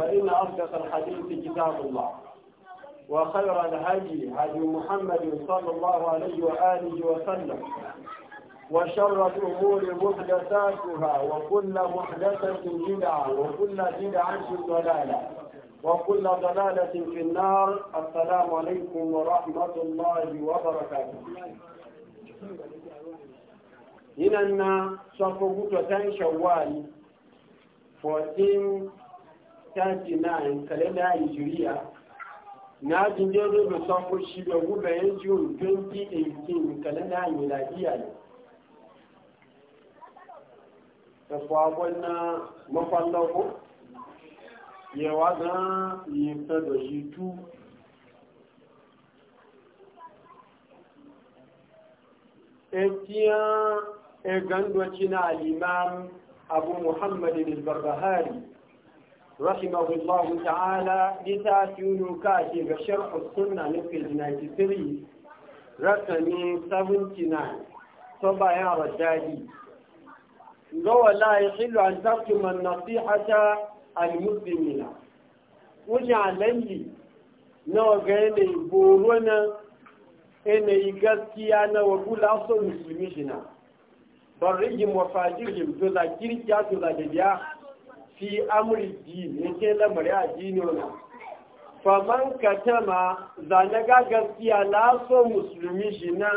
فإن أصدق الحديث كتاب الله وخير الهدي هدي محمد صلى الله عليه وآله وسلم وشر الأمور محدثاتها وكل محدثة بدعة وكل بدعة ضلالة وكل ضلالة في النار السلام عليكم ورحمة الله وبركاته هنا صفوة شوال 14 39 kalenda ya Nigeria na jinje daidai da safo shi da gubayen June 2018 kalenda ya miladiya ne. Ta kwabon na mafallako, yawa zan yi ta da shi tu etiyan egandwaci na alimam abu muhammadin al-barbahari رحمه الله تعالى لتاتيون كاتب شرح السنة نفل 93 رقمي 79 طبع يا رجالي قوى لا يحل أن تكتم النصيحة المسلمين وجعل لي نوغين يبورون إن يقسكي أنا وقول أصل مسلمين برهم وفاجرهم تذكرك تذكرك fi amri dini yake lamari a dini wani faman katama ga gaskiya laso musulmi shi na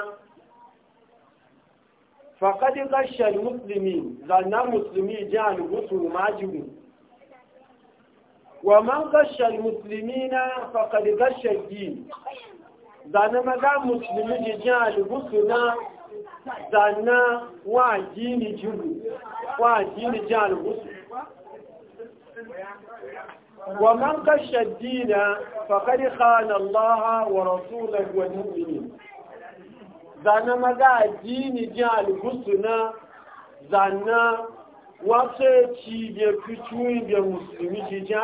faƙaɗi ƙashen musulmi zane musulmi jihar gusu majibu wa man ƙashen musulmi na faƙaɗi ƙashen dini zana maga musulmi jihar gusu na zane wa dini wa dini jihar gusu ومن قش الدين فقد خان الله ورسوله والمؤمنين زانا maga addini jin algusuna zana زانا ci بيكتوين بيمسلمي da musulmi ji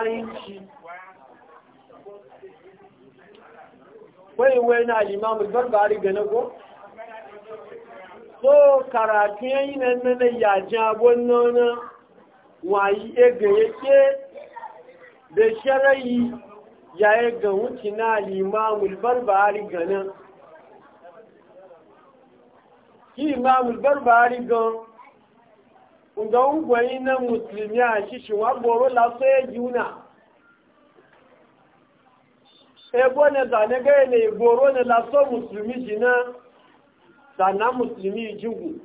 na limamu ga na ko? so karatu yayi nan na yajin abon nan wayi egan yake da sharayi ya yi ga wuce na limamul barbari ganin ki imamul gan ga ungwayi na musulmi a shi wa goro laso ya juna ebo na zane gaya na igoro na laso musulmi jina sana musulmi jugu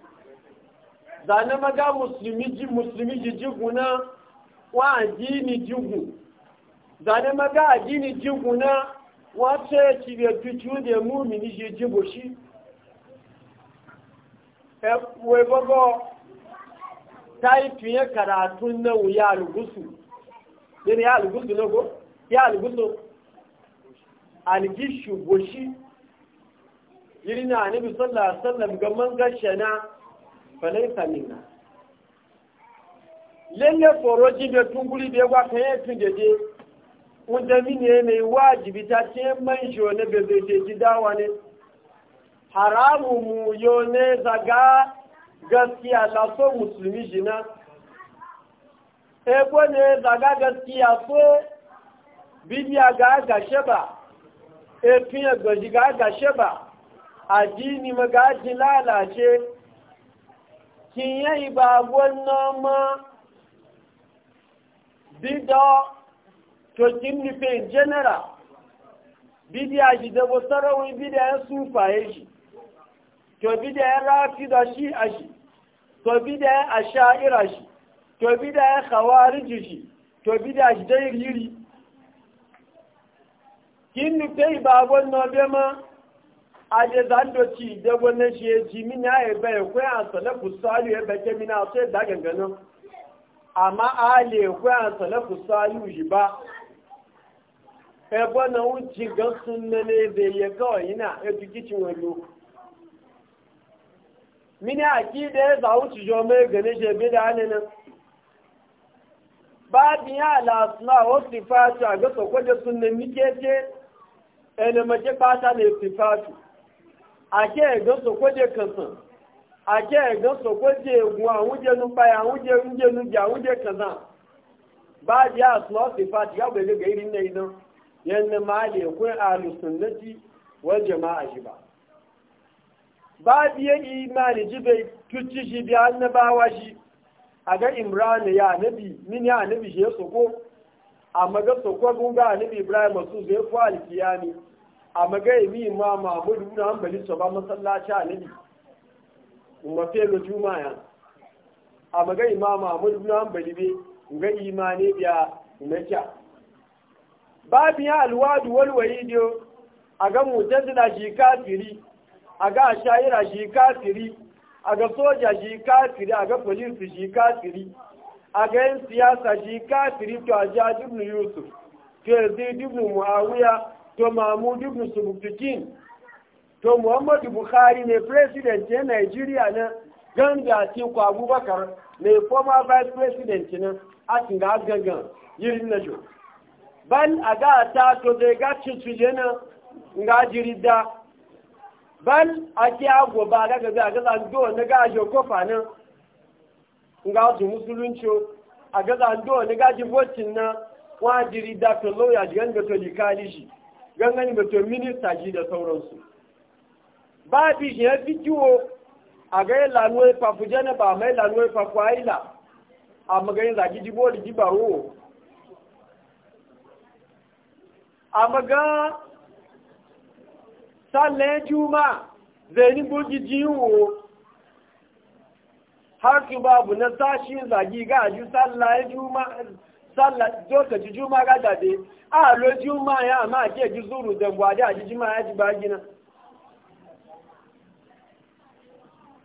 zane maga musulmi ji musulmi ji jigu na wa addini jigu zane maga addini jigu na wa ce ci da tuju da mumini ji jigu shi e, wai bago ta yi fiye karatu na wuya algusu yana ya algusu na go ya algusu algishu goshi yiri na anabi sallallahu alaihi wasallam ga gashana falaisa minna lalle tsoro jibe tunguri da yawa kan yankin da je wanda mini ne mai wajibi ta ce man shi wani bebe ce ji dawa ne haramu mu yo ne zaga gaskiya la so musulmi jina ebo ne zaga gaskiya so bidiya ga gashe ba efin gbaji ga gashe ba addini ma ga lalace kìnyẹ ìbàgbó náà mọ́ dídọ́ tó ti ń nufe general bídí àjìdẹ́gbò sọ́rọ̀wé bídí ẹ̀ súnfà èjì tó bídí ẹ̀ ráfídọ̀ sí àjì tó bídí ẹ̀ àṣà ìràṣì tó bídí ẹ̀ kàwárí jìjì tó bídí àjìdẹ́ ìrírí kí ń nufe ìbàgbó náà bẹ́ mọ́ aje zandoci e e e da wannan shi ya ji mini ya ebe ya kwaya a salafu salu ya bake mini a sai da ganganin amma ale ya kwaya a salafu salu shi ba ebe na wuce ga sunna ne zai ya kawai yana ya fi kicin wani mini a ki da ya zawo ci jo mai gane shi ebe da hannun ba biya lasna wasu fata ga sakwai da sunna nike ma ɗaya mace fata ne sifatu àṣẹ ẹ̀gán sòkójẹ kànsàn àṣẹ ẹ̀gán sòkójẹ ègùn àwújẹnu páyà àwújẹ oúnjẹnu jẹ àwújẹ kànsàn bá a jẹ́ àtúnwá sí fàtí yàgbẹ́ lẹ́gbẹ̀ẹ́ ìrìn iná yẹn ní máa lè kún àlùsùn létí wọ́n jẹ máa àṣìbà bá a bí ìmáàlì jíbe shi bí annabawa shi a imran ya nabi mini nabi shi ya soko amma ga ibrahim a mi ma mahmudu na bali su ba masallaci a nabi fe lo jumaya a magayi ma mahmudu na bali be ga imani biya naja Ba biya alwadu wal ne a ga mutazila ji kafiri a ga shayira ji kafiri a ga soja ji kafiri a ga polisi ji kafiri a ga yin siyasa ji kafiri to a ibn yusuf to yanzu ibn muawiya to mahmud ibn subuktukin to muhammadu buhari mai president ya nigeria na ganga teku abubakar mai former vice president na atin ga gangan yirin na jo ban a ga ta to zai ga cincuje na ga jirida ban a ke agwo ba ga gaza ga zando na ga ajo kofa na ga su musulunci a ga zando na ga jibotin na wa jirida to lauya jigan da to likali shi gangani da to minista shi da sauransu ba bi shi ya fi kiwo a ga yi lanuwar fafu janaba mai lanuwar fafu haila a magayin zaki jibo da jibaro a maga sannan juma zai ni bogi jiwo har su babu na sashi zagi ga ju sannan juma sallah lokaci juma ga dade a lo juma ya amma ke ji zuru da gwade a ji juma ya ji ba gina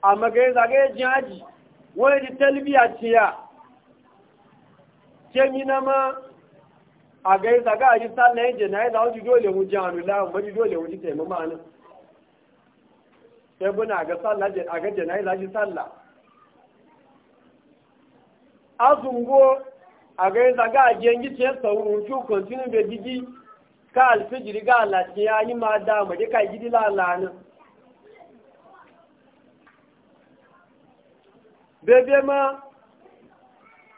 amma ga yanzu ga ji haji wani ji talbiya ce ya ke mina ma a ga yanzu ga ji sallah ya jana ya zawo ji dole mu ji hannu lawan ba ji dole mu ji taimama na. sai buna ga sallah a ga jana ya ji sallah azungo a ganin zaga a jiyan gici ya sauru ki kontinu da digi ka alfijiri ga alaci ya yi ma dama da ka gidi lalana bebe ma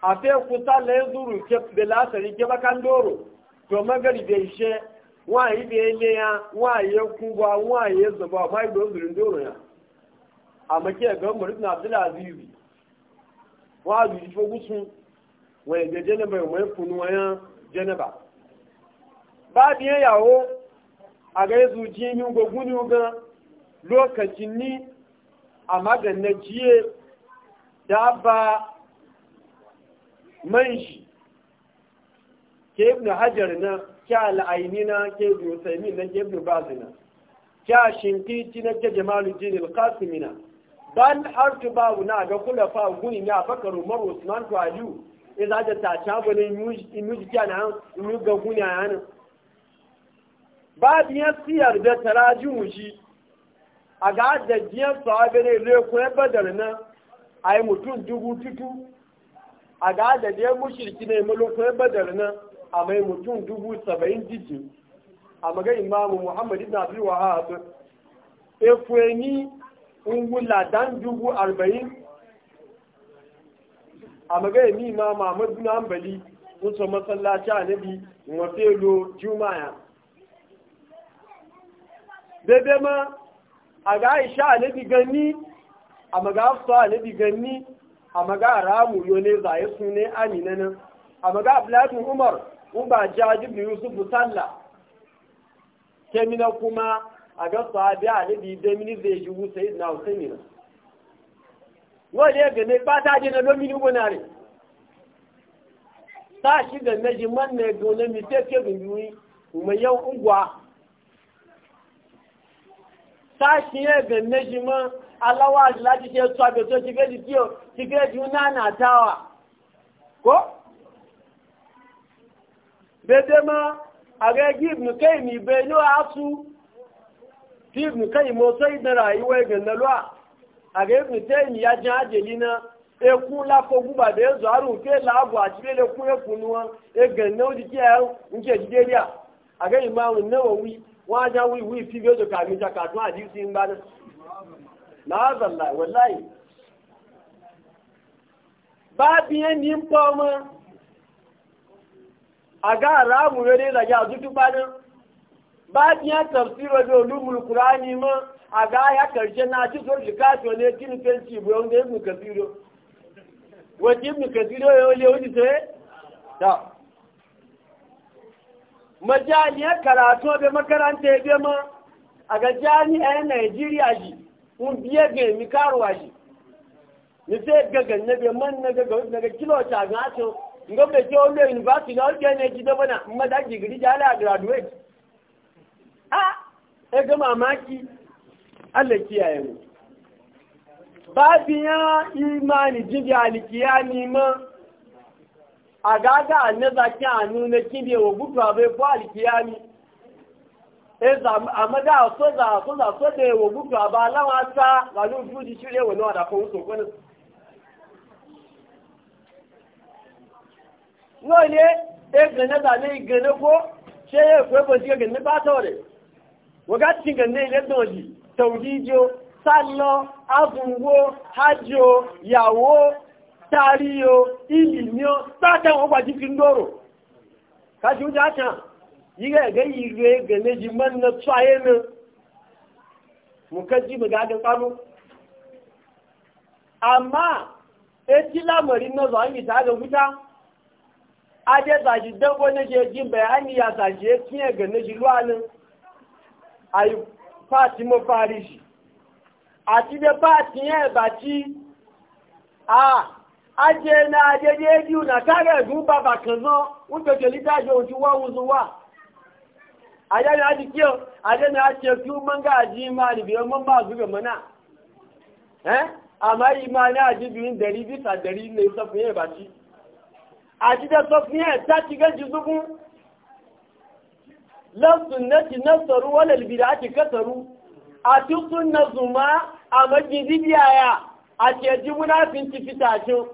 a fe kusa la ya zuru ke belasari ke bakan doro to magari bai ishe nwaanyị bụ ele ya nwaanyị ekwugwa nwaanyị ezogbo amaghị mgbe o zuru ndị ụlọ ya amake ebe mmadụ na abdulaziz nwaazụ ifogbusu wọ́n ẹ̀jẹ̀ jẹ́nẹ̀bà ìwọ̀n wọ́n ẹ̀yán jẹ́nẹ̀bà bá bí i yàwó àgẹ́zù jí ní gbogbo ní ogun lókàtí ní àmágànnà jíye dábà mẹ́ṣì ke ibn hajar na ke al'aini ke ibn usaimi na ke ibn bazi a na jamalu na ban har na ga kula fa guni na fakar umar usman to ya za ta tacha bane imuji kya na hannu imu a gunya ya hannu ba biyan siyar da tarajin mushi a ga adadiyar sahabi ne lekun ba da na a yi mutum dubu tutu a ga adadiyar mushirki ne malokun ba da na a mai mutum dubu saba'in jiji a maga imamu muhammadu na biyu wa haɗu efueni ungula dan dubu arba'in a magaya mi ma Muhammadu na ambali sun so masallaci annabi mu jumaya juma'a bebe ma a ga Aisha annabi ganni a maga Hafsa annabi ganni a maga Ramu yone zaye sune Amina nan a maga Abdullahi Umar mun ba Jajib Yusuf sallah kemina kuma a ga sahabi annabi da mini zai ji Hussein na Hussein wọ́n lè gane pátá na lómi ní gbọ́nà rẹ̀ sáàṣì gane da mọ́ na ẹgbẹ̀ olómi tẹ́kẹ́ gbìyànjú ìmọ̀yẹ́ ngwa sáàṣì yẹ́ gane jì mọ́ aláwọ̀ láti ṣe tó àgbẹ̀ tó ti tí ó ti náà nà kó mọ́ gíìmù á tú gíìmù ìdára ìwọ̀ a ga enyi ya ji ajeli na ekwu lafọ gwụba da ezu arụ nke la abụ achịrịla ekwu ekwu nwa ege nne ojiji ya nke ejideri a agaghị m ahụ nne wowi nwa aja wi wi fi bezo ka mita ka tụọ adị isi mgbanụ na azala wallahi ba biye ni mpa ọma aga ara amụrere na ya azụtụ mgbanụ bayan tafsiro da ulumul qur'ani ma a ga ya karshe na ji so shi kaso ne kin kanci bu yau da ibn wa ji ibn kasiro ya wale wani sai ta ya karatu da makaranta ya ma a ga a Najeriya ji un biye ga mi karuwa ji ni sai ga ganna be man na ga na ga kilo ta ga to ngombe ke wani university na wani ne ji da bana amma da digiri jala graduate a ah, ya ga mamaki Allah kiyaye mu babiya imani jibi alikiya nima a gaga aga zaki a nuna kibe wa gutu abai ko alikiya ni a maga so za so za so da wa gutu a ba lawa ta ga nun fuji shirye wa nawa da kan wuto kwanan yau ne ya gane zane ko ya kwe ba shi ga gane ba ta wagati ganne ile doji taujijo sallo azunwo hajo yawo tariyo ilinyo tata won gbaji fi ndoro kaji unja ata yiga ga yire gane ji man na tsaye ne mukaji mu ga ga kanu amma eti lamari na zo an yi ta ga wuta aje zaji dago na je jin bayani ya zaje tiye gane ji luwanin Ayi, páàtì mo parí sí àti bẹ páàtì yẹn ẹ̀bà a ajé na ajéjé éjì ò nàkárẹ̀ ẹ̀gún bàbà kan náà na ti kí o na ti kí o mọ́ngà àjí máa nìbí ọmọ máa zúgbẹ̀ mọ́ na. ẹ́ àmọ́ yìí máa ní àjíbìrin dẹ̀rí bí sàdẹ̀rí ilé sọ fún yẹn ẹ̀bà tí àti bẹ sọ fún yẹn ẹ̀ta ti lasunnati nasaru walal bid'ati kasaru a tukun na zuma a majidi biyaya a ceji ji munafin ti fitacin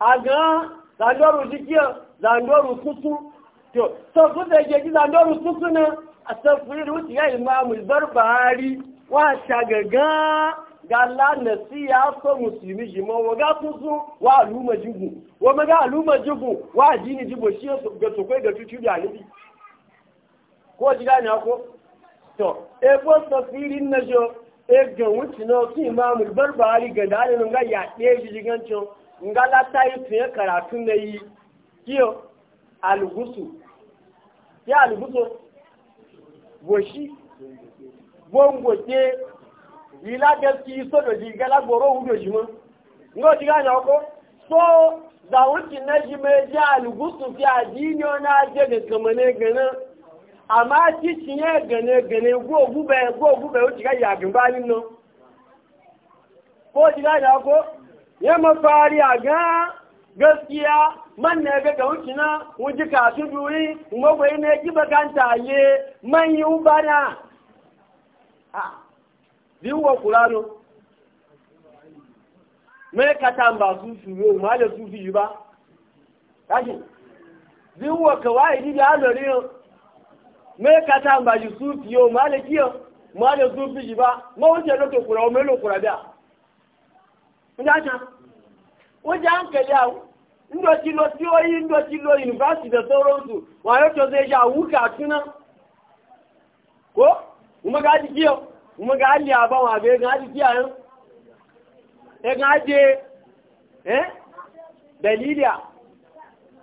a ga zandoru jikiyar zandoru kusu to sabu da ke ji zandoru kusu na a safurin wuce ya imamu barbari wa shagaga ga lanasi ya so musulmi jima wa ga kusu wa aluma jigu wa maga aluma jigu wa jini jibo shi ga tokwai ga cucu da alibi ko jira ni ko to e bo firin na jo e ga wuce na ki imamul barbari ga dalilin ga ya ɗe shi jigancin nga la ta karatu na yi kiyo algusu ya algusu goshi gbongote ila gaski so da jiga la goro wudo shi mun ngo jiga ni ko so da wuce na shi mai ji algusu fi adini na je de kamane ganin amma cikin ya gane gane gogube gogube wuce ga yagin banin nan ko ko ya mafari a ga gaskiya man ne ga ga na ka su biyu magwai ne ki bakanta ye man yi ubana ma su me kata ba ji su fiyo ma da kiyo ma da su fi ba ma wuce da to kura me lo kura da nda ta wuce an kale awu ndo ti lo ti oyi ndo ti lo university da sauran su wa yo to zai ja ka tuna ko kuma ga ji kiyo kuma ga ali aba wa be ga ji kiyo eh ga je eh dalila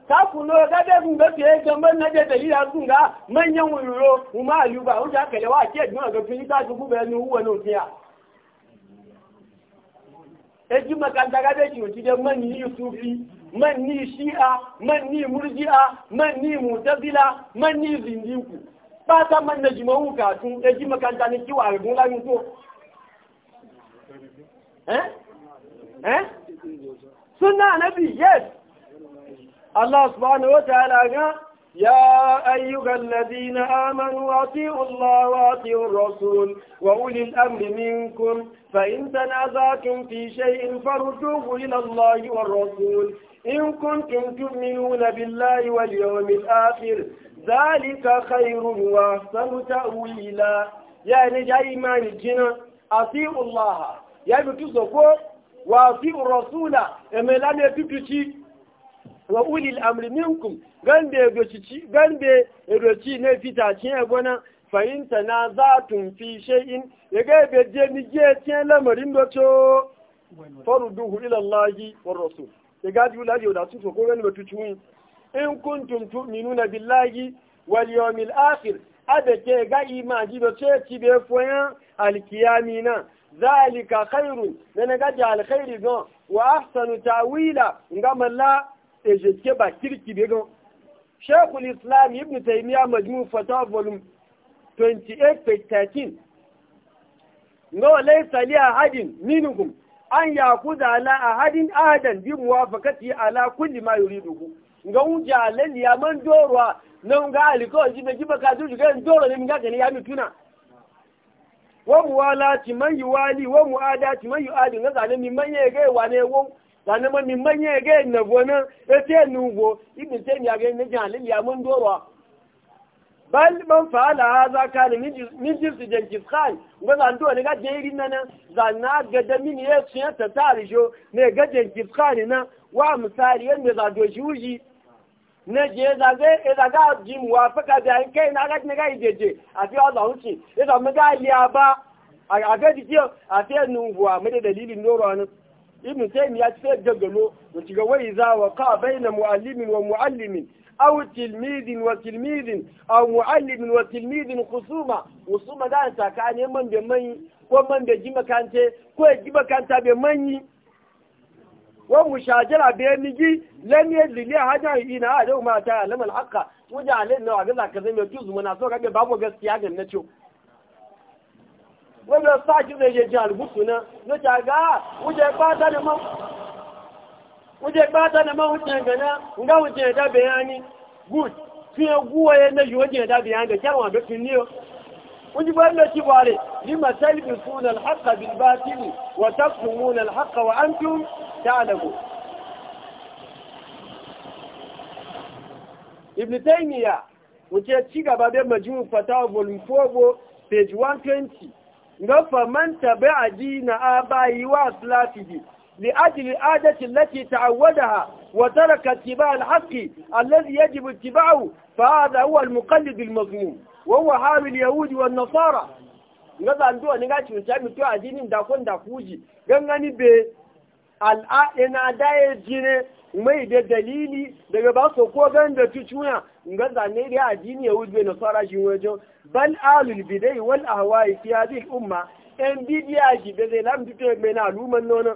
takulo gadẹ́gùn gẹ́fì ẹgbẹ́ mẹ́nẹ́jẹ́ tẹ̀lé àgùn gá mẹ́yẹn ìrò ọmọ àlúgbà ó jà kẹ̀lẹ̀ wá jẹ́ ìgbìmọ̀ ọ̀gẹ́ fi nígbà tó gúbẹ̀ ẹnu na jùmọ̀ e eh? eh? sunna anabi yes الله سبحانه وتعالى قال يا أيها الذين آمنوا أطيعوا الله وأطيعوا الرسول وأولي الأمر منكم فإن تنازعتم في شيء فردوه إلى الله والرسول إن كنتم تؤمنون بالله واليوم الآخر ذلك خير وأحسن تأويلا يعني جاء إيمان الجنة أطيعوا الله يعني تزكوا وأطيعوا الرسول إما لم يتبتشي wa ulil amri minkum gambe edoci gambe edoci ne fitacin ebona fahimta na za tun fi shay'in ya ga ebe je ni je tiyan e lamarin da faru duhu ila Allahi war rasul ya ga ji wulaji da su ko gani batu ciwon in kuntum tu'minuna billahi wal yawmil akhir ada ke ga imaji do ce ci be foyan alkiyamina zalika khairun dana ga ji alkhairi don wa ahsanu ta'wila ngama la ejeske ba kirki be gan shekul islam ibn taymiya majmu fatawa volume 28 page 13 no laysa li ahadin minhum an yakuza ala ahadin ahadan bi muwafaqati ala kulli ma yuriduhu nga unja alani ya man dorwa nan ga aliko jibe jibe ka du ga ndoro ni ngaka ni ya tuna wa muwalati man yuwali wa muadati man yuadi nga zalimi man yege wane wo sannan ma min manye ga na gona ya ce nugo ibn sai ya ga ni jalil ya mun dorwa bal man fa'ala hadha kana min jinsi jenkis khan wannan do ne ga jeri nan na ga da min ya sun ta jo ne ga jenkis khan na wa misali yanda za do shuji ne je e za ga e za ga ji mu wa faka da an e kai na ga ne ga je a fi Allah huci e za mu ga li ba a ga ji a fi nugo a me da dalilin dorwa na. ibn ya ce gaggalo mu ci ga wai za wa ka baina muallimin wa muallimin aw tilmidin wa tilmidin aw muallimin wa tilmidin khusuma khusuma da ta ka ne man da mai ko man da ji makante ko ji makanta be manyi wa mushajara be nigi lam yadli hada ina a da ma ta haqa wa gaza ka tuzu muna so ka ga babu gaskiya ga na ciwo wọ́n lọ sáàkì rẹ̀ yẹ jẹ́ àrùbùsù náà ló jẹ́ àgá oúnjẹ pátánimọ́ oúnjẹ pátánimọ́ oúnjẹ ẹ̀gẹ̀ná ǹgá oúnjẹ ẹ̀dábẹ̀ yá ní good fi ogú ọyẹ méjì oúnjẹ ẹ̀dábẹ̀ yá gẹ̀ jẹ́wọ̀n àbẹ́ fi ní o oúnjẹ bá lọ tí ni wọ́n tàkùn volume 4 page 120 gafa man tabi a dina a bayi wa sulafihi li ajili adacin lati ta'awwadaha wa taraka tiba alhaqi allazi yajibu tiba'u fa hadha huwa almuqallid almazmum wa hamil yahudi wan nasara ngaza ndo ni ga cinta mi to adini da da kuji gangani be al'a ina da jine mai da dalili daga ba so ko gan da tuciya nga zane da addini yahud bai nasara shi wajen bal alul bidai wal ahwai fi hadhihi al umma en bidiya ji be zai lam fito mai na lu man nono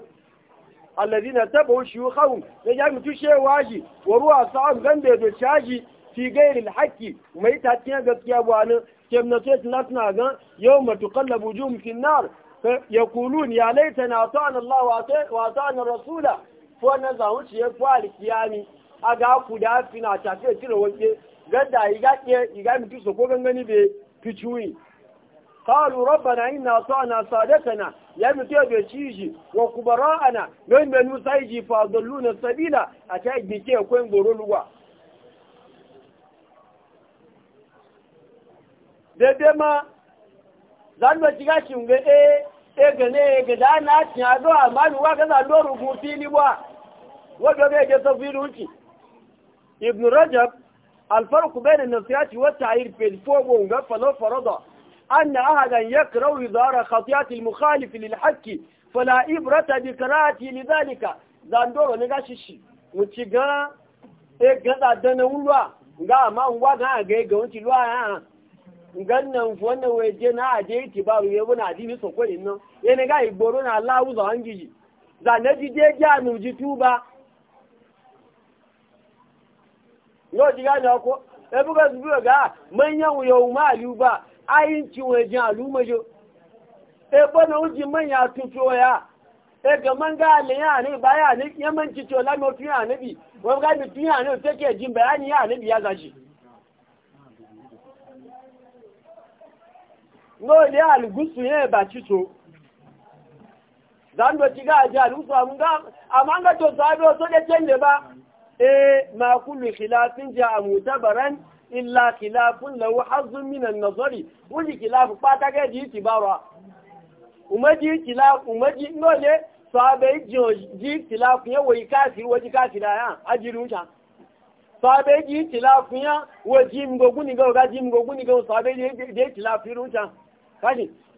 alladina tabu shuyukhum ne ya mutu she waji wa ruwa sa'an gande do chaji fi gairil haqqi mai ta tiya gaskiya bu anan kem na sai lasna ga yawma tuqallabu jum fi nar yaqulun ya laitana ata'ana allah wa ata'ana rasula fa na zauci ya fa kiyami aga ku da fina ta ce tira wanke gadda iga yi ga mutu so ko gangani be fichuyi qalu rabbana inna ata'na sadatana ya mutu be ciji wa kubara'ana don be nu saiji fa dalluna sabila a ta gike ko goro luwa dede ma zan ba shiga shinge e eh, e eh, gane e gada na a do amma ni wa ga zan do rubuti ni wa wato ga ke safiru ki ابن رجب الفرق بين النصيحة والتعيير في الفوق ونقف فرض أن أحدا يكره إظهار خطيئة المخالف للحق فلا إبرة بكراهته لذلك زاندورو نغاشيشي وتشيغا إيغادا دنولا nga ma ngwa ga ga ga wunci luwa ya ngan nan wannan waje na aje ti ba ye buna dini sokoi nan ye ne ga igboro na za ne ji je ja nu ji tuba yau ji gane ko ya buga su biyo ga no e ba eh ma kullu khilafin ja'a mutabaran illa khilafun lahu hazzun min an-nazari wani khilafu pata ga ji tibara umaji khilafu umaji nole sabe ji ji, khilafu ya wai kafir waji kafira ya ajiru ta sabe ji khilafu ya waji mgogu ni ga ga ji mgogu ni ga sabe ji khilafu ruta kaji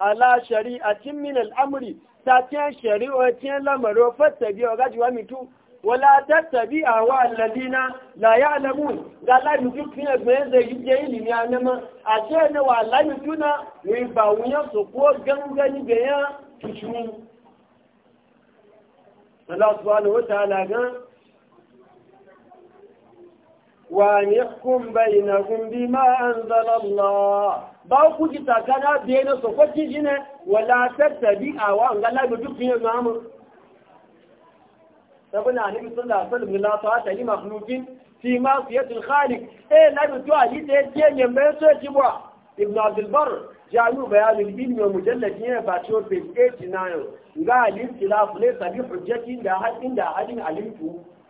ala shari'atin min al'amri ta tiyan shari'otin lamaro fattabi a gajiwa mitu wala tattabi a wa alladina na ya alamu ga lamitu fiye gbaye da yije ilimi a nama a yi na wa lamitu na wai ba wuyan su ko gangani da ya وأن يحكم بينهم بما أنزل الله باو كوجي تاكانا بينا سوكوتي جينا ولا تتبع وان قال لا يجوك فيه ماما سبنا عليه صلى الله عليه وسلم لا طاعة لمخلوق في معصية الخالق ايه لا يجوك عليه تيجي يمبين سوكي بوا ابن عبد البر جعلوا بيان العلم ومجلد هنا باتشور في 89 قال الاختلاف ليس بحجة لا حد لا حد علمته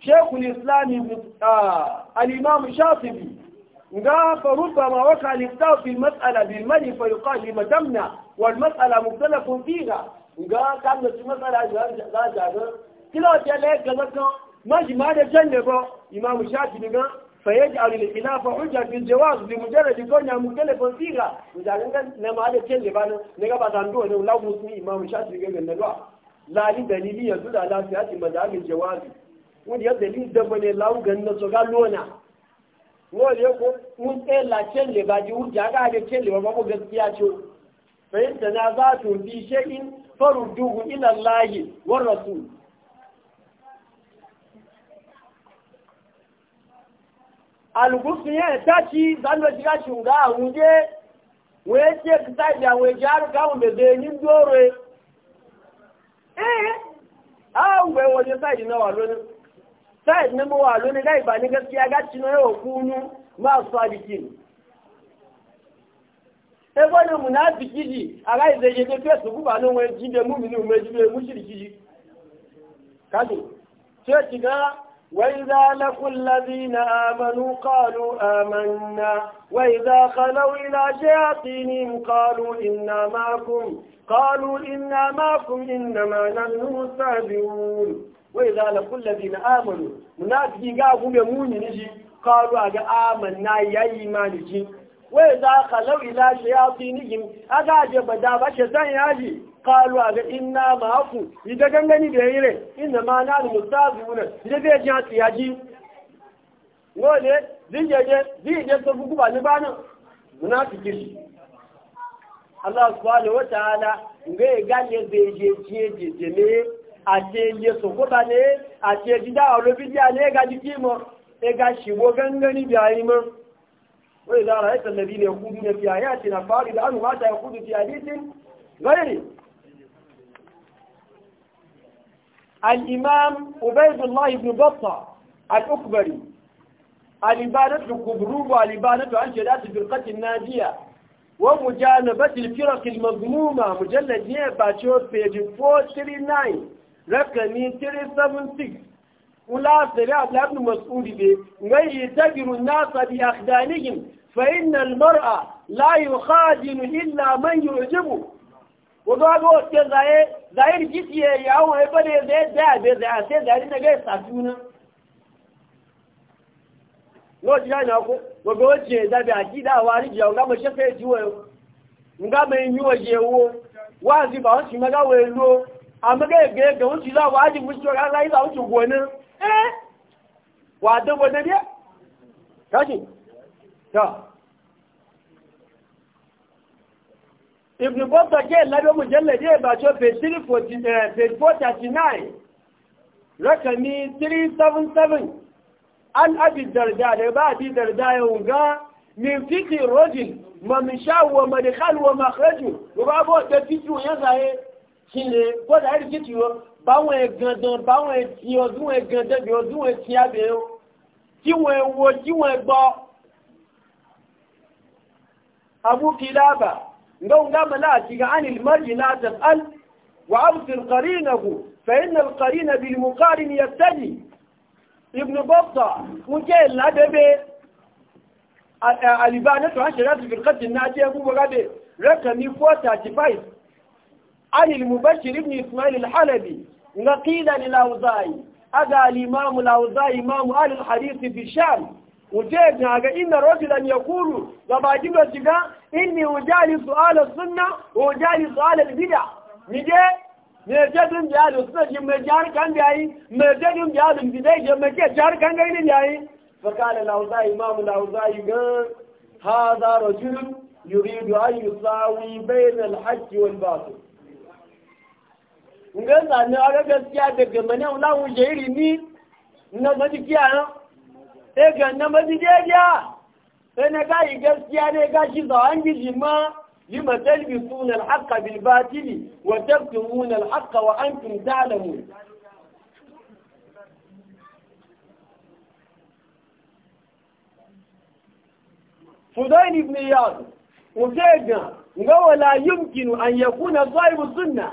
شيخ الإسلام الإمام الشاطبي قال فربما وقع الافتاء في المسألة بالمني فيقال لما تمنع والمسألة مختلف فيها قال كان المسألة لا جاهزة كلا جلال قبلك ما جمع جنبه إمام الشاطبي قال فيجعل الخلاف حجة في الجواز بمجرد كونها مختلفا فيها كان لما هذا كل بان نجا بعندو لو مسلم إمام الشاطبي قال لا لدليل يدل على سياسة مذهب الجواز wọ́n yẹ dẹ̀lí dẹ̀bọ̀ ní láwùgẹ̀ ń lọ́sọ̀ lónà wọ́n yẹ kó ń tẹ́ la tẹ́lẹ̀ bá di wújà ká lè tẹ́lẹ̀ bá bọ́ gaskiya ce fahimta na za ta fi shay'in faru duhu ila lahi war rasul alugusu yẹn tàṣí zanwó ti ká ṣùgbọ́n àwọn jẹ́ wọ́n yẹ ṣe kíta ìdí àwọn ìjà àrùkà àwọn bèbè ní sa'id na mawalo na gaiba ni gaskiya gaci na yawa kunu masu sadikin ebe ne munafiki ji a rai zai je fe su guba nan wani jibe mumini mai jibe mushriki ji kaso sai ki ga وإذا لقوا الذين آمنوا قالوا آمنا وإذا خلوا إلى شياطينهم قالوا إنا معكم قالوا إنا معكم إنما نحن مستهزئون wai za la kullazi na amanu munafiki ga gube mumini shi karu a ga amanna yayi imani ji wai za khalau ila shayatinihim aga je bada ba ke zan yaji karu a ga ina ma'aku ida gangani da yire inna ma na mustazuna ida bai ji hati yaji ngole zinjeje zinje to bugu ba ni bana munafiki shi Allah subhanahu wa ta'ala ngai galle zai je je je ne àti iye sòkóta ní àti ẹ̀dídá ọ̀rọ̀ bí díà ní ẹgá jíkí mọ́ ẹgá ṣìwó gẹ́gẹ́ níbi àyí mọ́ wọ́n ìlà ara ẹ̀sẹ̀ lẹ́bí ilẹ̀ kúdú ní fi àyí àti nàfàárì lánàá wáta ẹ̀kúdù ti àyí sí lọ́yìnrì al-imam ubaydullah ibn batta al-ukbari al-ibadatu kubru wa al-ibadatu an shadati firqati nadiya wa mujanabati al-firaq al-madmuma mujallad 2 page 439 rakami 376 ولا سريع لابن مسؤول به يتجر الناس بأخدانهم فإن المرأة لا يخادم إلا من يعجبه وضعه وقت ظاهر جيسي يعو إبالي زي دابي زي عسي ظاهر نجاي ساتونا lọ́jọ́ ìrìnà ọkọ̀ gbogbo ó jẹ ìdábi àkídà àwọn àríjì ọ̀gá mọ̀ ṣẹ́fẹ́ ìjúwẹ̀ ọ̀gá mọ̀ inú ọ̀yẹ̀ owó amma ga ga ga wuce za wa ajin wuce ga Allah za wuce gonin eh wa da gonin ne kashi ta ibn bota ke lado mujallal ne ba cho page 340 rakami 377 an abi darda da ba abi darda yau ga min fiqi Rojin, ma min shaw wa madkhal wa makhraju babu ta fitu ya zaye kí lè gbọ́dọ̀ àríkìtì wọn báwọn ẹ̀gàndàn báwọn ẹ̀tì ọdún ẹ̀gàndàn bí ọdún ẹ̀tì abẹ́rẹ́ tí wọ́n wo tí wọ́n gbọ́. abúkìláàbà ngọ́ngá mọ́lá àti ga ánìl mọ́jì náà tẹ̀sán wà ábùsùn kàrí ìnàgù fẹ̀yìn náà kàrí ìnàbì mùkárì ni yẹtẹ́jì ibnu bọ́tà mú jẹ́ ìlàdẹ́bẹ́ àlìbá náà tó láti fi kàtì náà jẹ́ gbogbo gábẹ́ rẹ́kàmí 435 عن المبشر بن إسماعيل الحلبي وقيل للأوزاعي هذا الإمام الأوزاعي إمام أهل الحديث في الشام وجدنا إن رجلا يقول وبعدين وشكا إني أجالي سؤال السنة وأجالي سؤال البدع نجي مجدهم جال السنة جار كان جاي مجدهم جال البدع جار كان جاي جاي فقال الأوزاعي إمام الأوزاعي هذا رجل يريد أن يساوي بين الحج والباطل nga zane a gaskiya daga mane wula wuje iri ni na majikiya nan e ga na majikiya sai na gayi gaskiya ne gashi za an giji ma yi matalbi sunan haka bilbatili wa tafi munan haka wa an tun talamu Fudain ibn Iyad, Utejan, ga wala yumkinu an yakuna sahibu sunna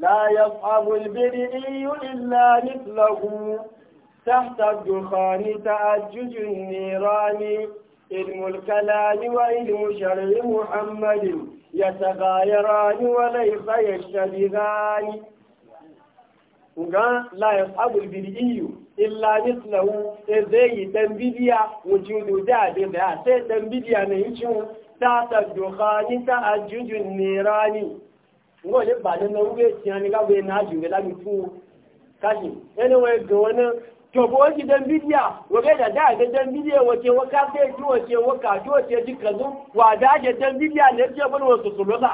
لا يصعب البرئي إلا مثله تحت الدخان تأجج النيران علم الكلام وعلم شرع محمد يتغايران وليس يشتبهان لا يصعب البرئي إلا مثله إذي تنبيديا وجود ذلك إذا تنبيديا نيشو تحت الدخان تأجج النيران wọ́n lè bà lẹ́nà orí èsì ẹni káwé náà jù rẹ̀ láti fún káṣì ẹni wọ́n wọn náà jọ̀bọ̀ ó ti dẹ́ mídíà wọ́gẹ́ dàdá àjẹ́ mídíà wọ́n ti wọ́n káfẹ́ tí wọ́n ti wọ́n kà tí wọ́n ti di kàdún wà dá àjẹ́ dẹ́ mídíà lẹ́tí ọgbọ́n wọn sòsò lọ́sà.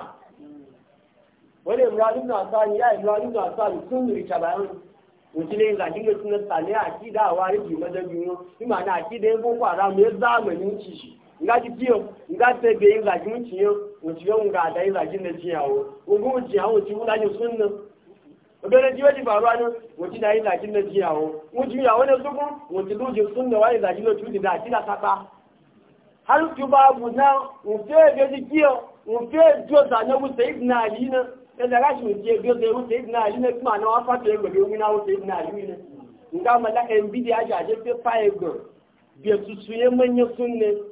wọ́n lè múra nínú àṣà ni ni nga ji biyo nga tebe mun ciyo mun nga da na ciyawo ugu mun ciyawo ci mun laji sunna obere ji wadi anu na ciyawo mun ci yawo ne zugun mun ci duje wa yin na tudi har ki na mun fe mun jo za na mu sai na alina, na da mun ce biyo na alina kuma na wa fa te gobe na wa sai na alina. nga mala en bidiya jaje fe fa ego biyo e su suye manyan sunne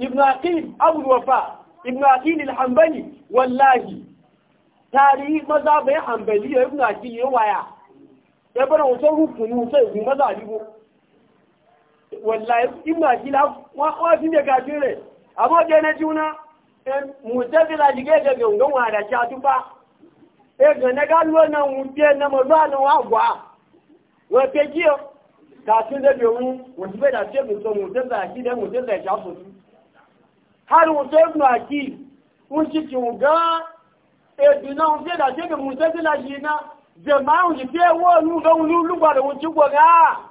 ibn aqil abu wafa ibn aqil al-hanbali wallahi tarihi maza bai hanbali ya ibn aqil ya waya ya bar wato rukunu sai ku maza libo wallahi ibn aqil wa wa shi ne kafire amma da na juna mutazila dige ga gongon wa da ta tuba e ga na galo na mutje na maza na wa gwa wa pejiyo ka sun da biyu wani bai da ce mutum mutum da shi da mutum da ya shafu su har wuce ibn akil mun ci kin ga ebi na wuce da ce da musa dila shi na jama'un ji fe wo lu ga lu lu ba da wuce ko ga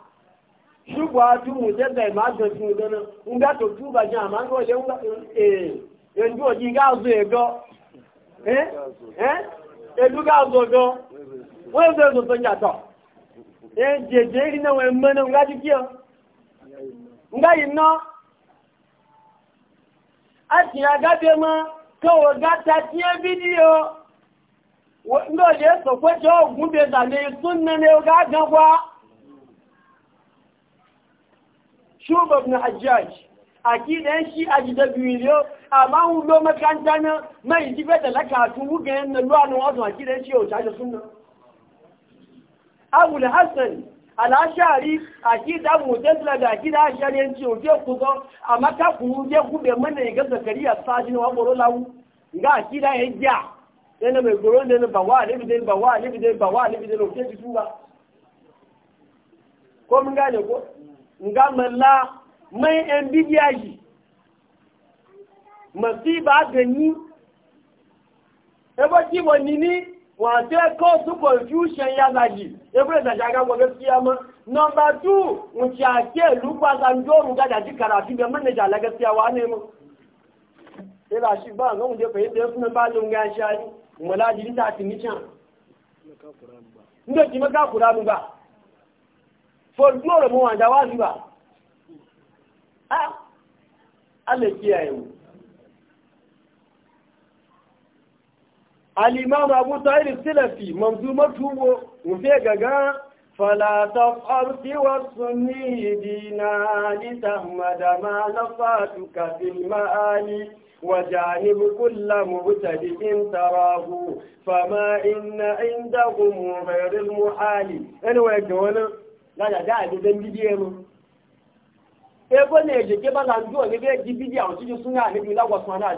shi kwa tu musa da ma da tu da na un ga to tu ba jama ngo le un ga eh yanzu oji ga zo e go eh eh edu ga zo go wo zo zo to ja to eh jeje ri na we mena un ga ji ki o un ga yi ati agabe ma kawo gata tiye bidiyo ndo je so ko jo gumbe da ne sunna ne ga gaba shuba ibn hajjaj akidan shi ajida bidiyo amma hu lo makanta na mai jibe da laka tu wuga na lo anu no wazo akidan shi o ta sunna abul hasan alashari akida mutazila da akida ashari yanci ofe kuzo a maka kuje kube mana ya gaza kari a sajin wa boro lawu ga da ya gya yana mai goro ne ba wa ne bidai ba wa ne bidai ba wa ne bidai ofe ji tuba ko mun gane ko nga malla mai en bidiya ji masiba e ebo ki mo nini wace kotu confusion ya zagi ya da jaga gobe gaskiya ma number 2 wuce ake lukwa zanjoru ga daji karatu da manaja na wa ne mu sai da shi ba ga wunde fahimta suna ba ta can ba ba al'imamu abu sa'id silafi manzumar tubo rufe gaga falataf arsiwar sunni dina lita madama na fatuka fil ma'ani وجانب كل مبتدئ تراه فما إن عندهم غير المحال أنا ويجونا لا لا دا دي دن بيديرو ebo ne je ke ba la njo ne be di bidia o ti ju suna ni bi la wa suna na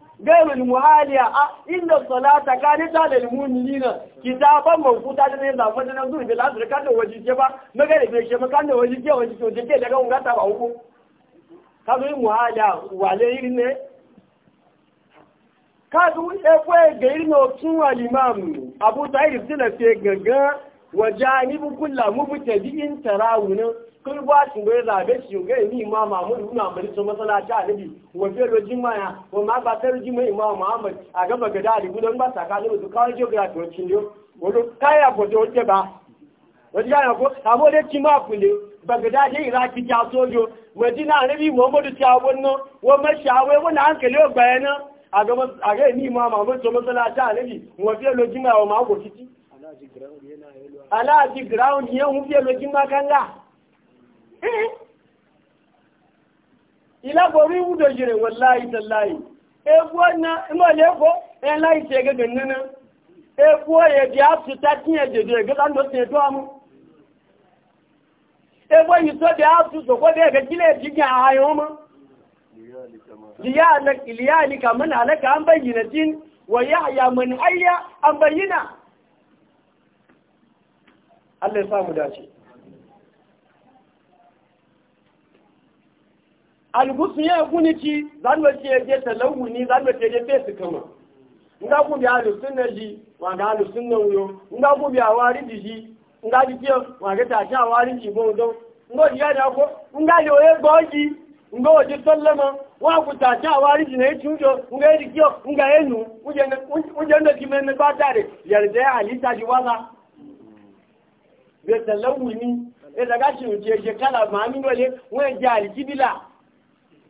gaiman muhaliya a ah, inda salata ka ne ta da limuni nina ki ta ban mafuta ta ne zafi ta nazu da lasu da kan da waje ce ba na gari ne ce makan da waje ce waje ce ke daga hungata ba uku ka zo yi muhaliya wale ne ka zo ya kwaye ga yi na otun alimam abu ta yi da fi na fi gaga waje ni bukula mu bu ta biyin tarawunan kun ba shi ne shi ga ni imam Muhammad ibn Hanbali to masallaci annabi wa fi rojin ya wa ma ba ta rojin mai imam Muhammad a gaba ga dali gudan ba ta kazo su kawo geography wa cin yo wato kaya ko to ke ba wato ya ko amo le ti ma kule yi ra ki ta sojo madina annabi Muhammad ta wonno wa mashawe wannan hankali o bayana a gaba a ga ni imam Muhammad to masallaci annabi wa fi rojin maya wa ma ko titi ala ji ground yana yelwa ala ji ground yan hu fi rojin Eh. ilagori wudo jire wallahi tallahi ebu na e le ko en lai se ga ganna ebu ye bi asu ta tin ye de ga kan do se to amu ebu yi so bi asu so ko de ga kile ji ga ayo ma liyalika liyalika man alaka an bayyana tin wa yahya man ayya an bayyana Allah ya samu dace algusun ya kuni ci zan wace ya je talawuni zan wace ya je fesu kama nga ku bi alusun na ji wa ga alusun na wuyo nga ku bi awari di ji nga di kiyo wa ga ta ta awari ji bo don ngo di ya da ko nga di oye goji ngo di sallama wa ku ta ta awari ji ne chujo nga di e ke nga enu uje na uje na ki men ba tare yarda ali ta ji wala be talawuni e daga shi je je kala ma mi wale won je alikibila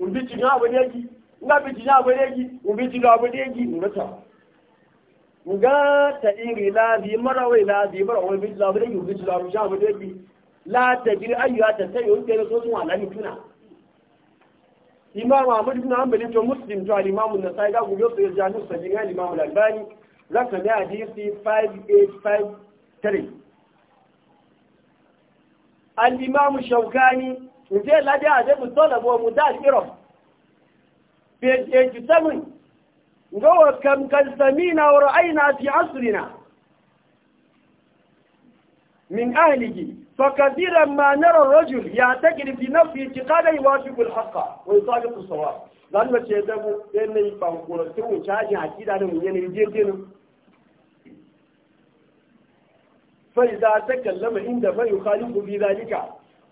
umbi cikin abu ne ki nga bi cikin abu ne ki umbi cikin abu ne ki murata nga ta iri la bi marawai la bi marawai bi cikin abu ne ki umbi cikin abu abu ne ki la ta jiri ayyuka ta sai yau kere so sun wala ni tuna imam ahmad ibn hanbali to muslim to al-imam an-nasai ga gobe so ya jani sabi ga imam al-albani zaka da hadisi 5853 al-imam shawkani ìdí ìlàjẹ́ àdébù tọ́lẹ̀bù ọmọ dáàkírọ̀ page 87 gọ́wọ̀ kàmkàlsàmínà ọ̀rọ̀ àìyàn àti asìrìnà min ahìlìgì fọkàdíra ma nẹ́rọ rọ́jù ya tẹ́kìrì fi náà fi ti kádà ìwájú gùn haka wọ́n tó ájú kùsọ̀wà lánàá ce dẹ́gbù ẹnẹ́ ìpàkùrọ̀ tí wọ́n ṣáájì àkídà ní wọ́n yẹnì jẹ́jẹ́nu fẹ́ ìdá tẹ́kẹ̀lẹ́mẹ̀ inda fẹ́ yóò kálí gùn bí zalika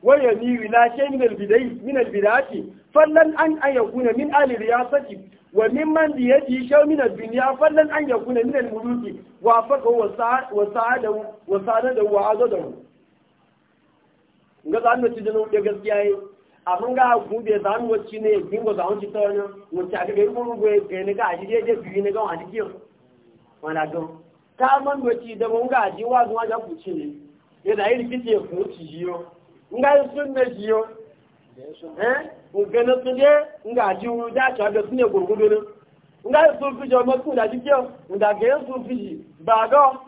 ويميل إلى شيء من البداية من البداية فلن أن يكون من أهل رياسته وممن بيده شيء من الدنيا فلن أن يكون من الملوك وافقه وساعده وساعده وعضده ga za mu ci da nan da gaskiya yi abin ga ku da za wacce ne bin ga za ci ta wani wacce aka gari kuma ga ga ne ga aji dai dai biyu ne ga wani wala ta man wacce da mun ga aji wa zuwa ne ya yi rikice ci jiyo. nga sunna jiyo eh ngana tunje nga jiwu da ta da sunne gurgudu ne nga sunfi jo mo ku da jiyo nda ge sunfi bago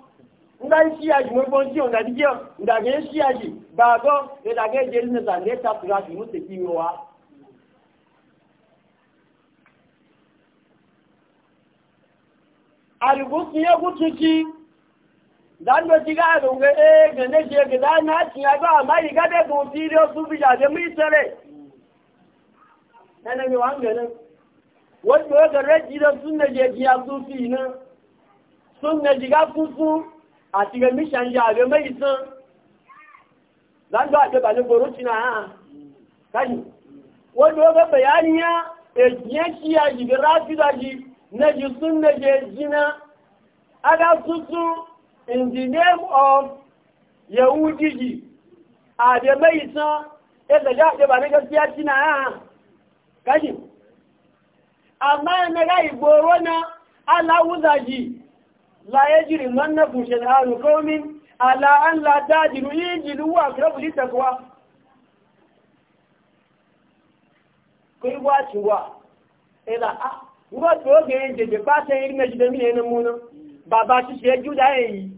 nga shi aji mo bon jiyo nda jiyo nda ge shi aji bago e da ge je ne za ne ta tura ti mu se ki wa Àrùgbó fi ẹgbùn ki? dando jiga dunga e gane je gida na ci ya ba mai ga da don video su bi da mai sare nan ne wanga nan wato ga raji da sunna je ya su fi na sunna jiga fufu a tiga mi shan ja ga mai san dan a ke ba ne goro tina ha kai wato ga bayani ya e ji ya jiga rafi da ji na ji sunna je na. aga susu in the name of yahudiji a da mai san yadda ja da ba na gaskiya cina ya kashi amma na ga igboro na alawuza ji la ya jiri man na fushe da komin ala an la ta jiru yi jiru wa kirabu littakuwa kai wa ah, ci wa ila a ngọ́ tí ó gẹ̀ẹ́ jẹjẹ pàṣẹ irin mẹ́jìdẹ́mí ẹnu múná bàbá ti ṣe júdá èyí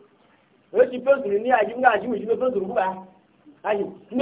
wọ́n ti fẹ́sùn ní àyè ńgá àṣìwò ìṣúná fẹ́sùn kúbà àyè ní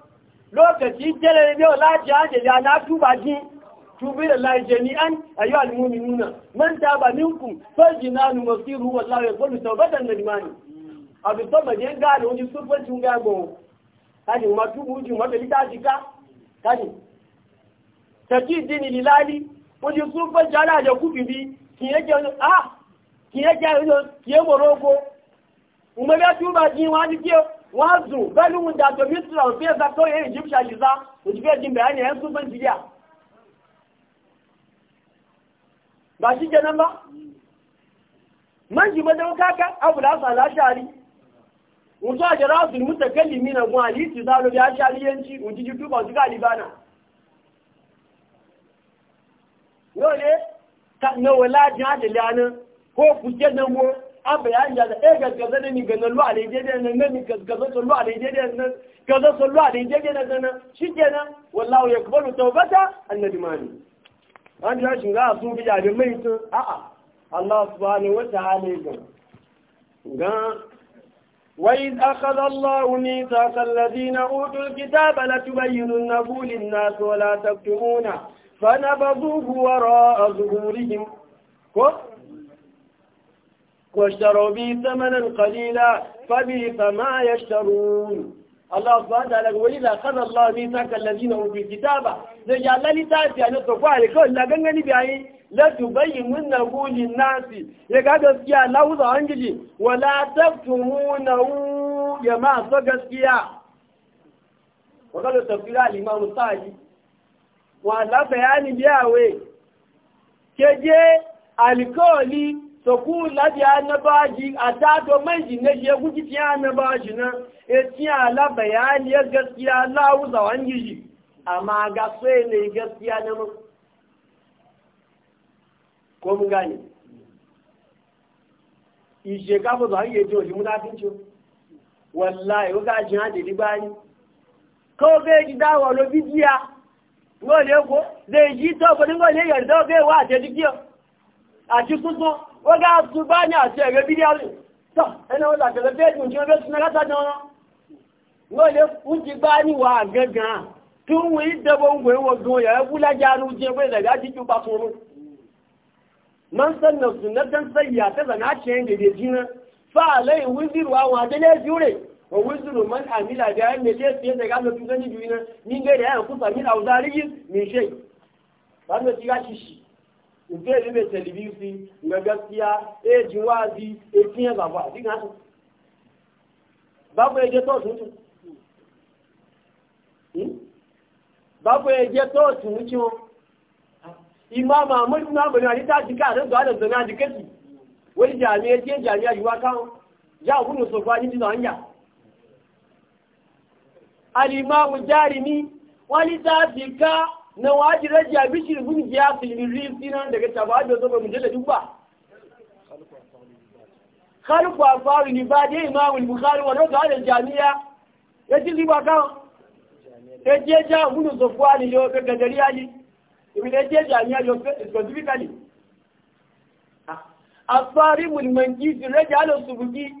lokaci jalare yau laji haje ya na tuba ji tubi da lai jami'an ayu almu'minuna man taba minkum fajinanu masiru wallahi yaqulu tawbatan najmani abi to ba je ga da wani sufa tun ga go kaji ma tubu ji ma da litaji ka kaji taki dini lilali wani sufa jala da kubibi ki yake ah ki yake ki yake morogo umma ga tuba ji wani kiyo wọ́n zù bẹ́ẹ̀ni wọn dàtọ̀ mísírà òfin ẹ̀sà tó yẹ egypt ṣàlìsá òjìfẹ́ di bẹ̀rẹ̀ ni ẹ̀ ń sún fún jìyà bàṣí jẹ nọ́mbà mọ́jì mọ́jọ́ káàkà abùlásà aláṣàárí wọ́n tó àjọ ráàsù ní mùsẹ̀kẹ́lì mi nà gun àlìsì sá lórí aṣáárí yẹn tí òjìjú túbọ̀ sí kàlíbánà lóòrè náwó láàjì àjẹlẹ́ àná ko kù nan náwó أبي أجد إيه قد قدرني قد الله عليه جدي أنا نمي قد قدرت الله عليه جدي أنا قدرت الله عليه جدي أنا أنا شو جينا والله يقبل توبته الندمان أنا شو قاعد أسوي يا جماعة آه الله سبحانه وتعالى قال وإذ أخذ الله ميثاق الذين أوتوا الكتاب لتبيننه للناس ولا تكتمونه فنبذوه وراء ظهورهم واشتروا به ثمنا قليلا فبئس ما يشترون الله سبحانه وتعالى وإذا أخذ الله ميثاق الذين أوتوا الكتاب لجعل لي تأتي أن يتوقع لكل لا غنغني بأي لا تبينونه للناس يقعد أسكيا لا وضع أنجلي ولا تكتمونه جماعة سكسكيا وقالوا تفكير الإمام الصاجي وأن لا بيان بيهوي كجي الكولي sọkú láti annabaji a tato manji na je guji ti annabaji na eti ala bayani ya gaskiya lawu za wani ji amma ga sai ne gaskiya na mu ko mun gane ishe ka ba za yi je oji munafinci wallahi waka jin hadi libani ko ga gida wa lo bidiya ngole ko zai ji to ko ngole yarda ga wa ta dikiyo a cikin wọ́n ká àtúbá ní àti ẹ̀rẹ́ bí díárì tọ́ ẹni wọ́n làtẹ̀lẹ́ fẹ́ ìdùn tí wọ́n fẹ́ sún náà wọ́n lè fún ti bá níwà gẹ́gàn tí wọ́n yí dẹ́bọ̀ gan yẹ̀rẹ́ fún lájáàrú tí wọ́n fa jure wa wuziru man amila da yan ne sai da ga ni kusa ci shi nke yi mai talibisi ga gaskiya e ji wazi e fiye zafi a cikin hasu babu ya e je to sun hmm? babu ya e je to sun e wuce wa imama amur na bani ni ta jika a zuwa da zana jika ci wani jami'a ce jami'a yiwa kan ja gudu so kwani jina hanya alimamu jarimi wani ta jika na waji raji a bishir gun giya su yi rifi nan daga tabado zaba mujalla dubba khalqu afari ni ba dai imam al-bukhari wa rawi al-jami'a yaji liba kan eje ja hunu zofwani yo be gadari ali ibi eje jami'a yo specifically afari mun manji raji al-subuki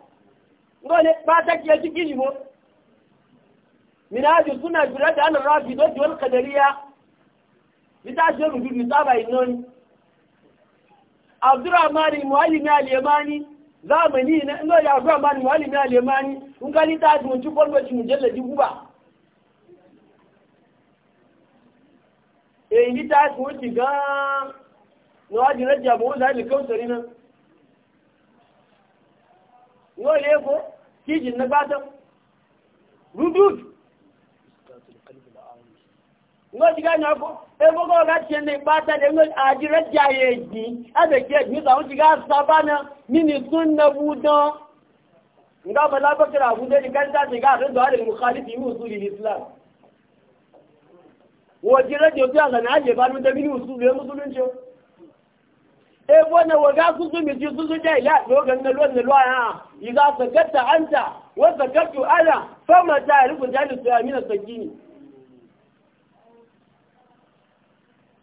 ngone pata kiasi kilimo minaju sunna jurada ana rafidati wal qadariya bitasho rududu saba inoni abdurrahman muallimi al-yamani zamani na ndo ya abdurrahman muallimi al-yamani ungali tatu mchukua ndo chimjele jikuba eh ndi tatu ga no ajira jamu za ile kausarina ngo lefo kijin na bata rudud ngo diga nya ko e bo ko ga tien ne bata de ngo ajira jaye a abe ke ni za o diga sabana mini sunna budan nga bala bakira bude ni kan ta diga ran da al mukhalifi mu usul al islam wo jira jo ga na je ba mu da mini usul al e musulunci ebo na waga su su miji su su jai la to ga na luwan na luwan ha iza sakatta anta wa gatu ala fa ma ta rubu ni su amina sakini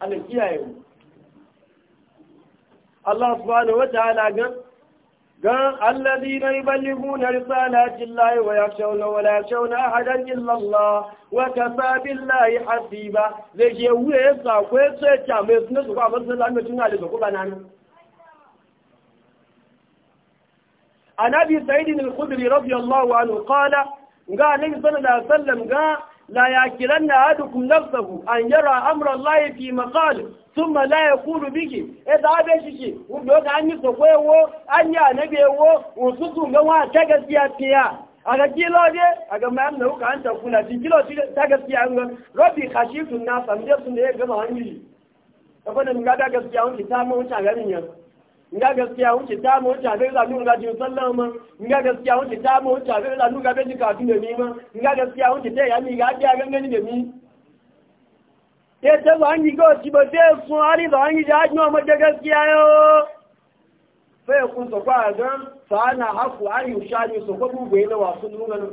Allah kiyaye Allah subhanahu wa ta'ala ga قال الذين يبلغون رسالات الله ويخشون ولا يخشون أحدا إلا الله وكفى بالله حسيبا ذي يوزا كويسة كامل نسوك عمد الله متنا لسوك بنانا عن أبي سعيد الخدري رضي الله عنه قال قال النبي صلى الله عليه وسلم قال لا يأكلن أحدكم نفسه أن يرى أمر الله في مقال ثم لا يقول به إذا أبشك ودوك أني سفوه أني أنبيه وسوسو نوا تغسيا فيها aga kilo ne aga mayam na uka an tafuna ti kilo ta gaskiya an gan rabbi khashifun nasa mun je sun da ya gama hanyi kafa da mun ga gaskiya mun ta mu a garin yanzu nga gaskiya wuce ta mu wuce abin da nuna jin sallah ma nga gaskiya wuce ta mu wuce abin da nuna gabe ka tun da ni ma nga gaskiya wuce ta ya mi ga ga gangani da ni ya ta ba an yi go ci ba sai sun ari da an yi da ajin ma da gaskiya yo sai kun so kwa ga sana haku an yi shani so ko bu bai na wasu nuna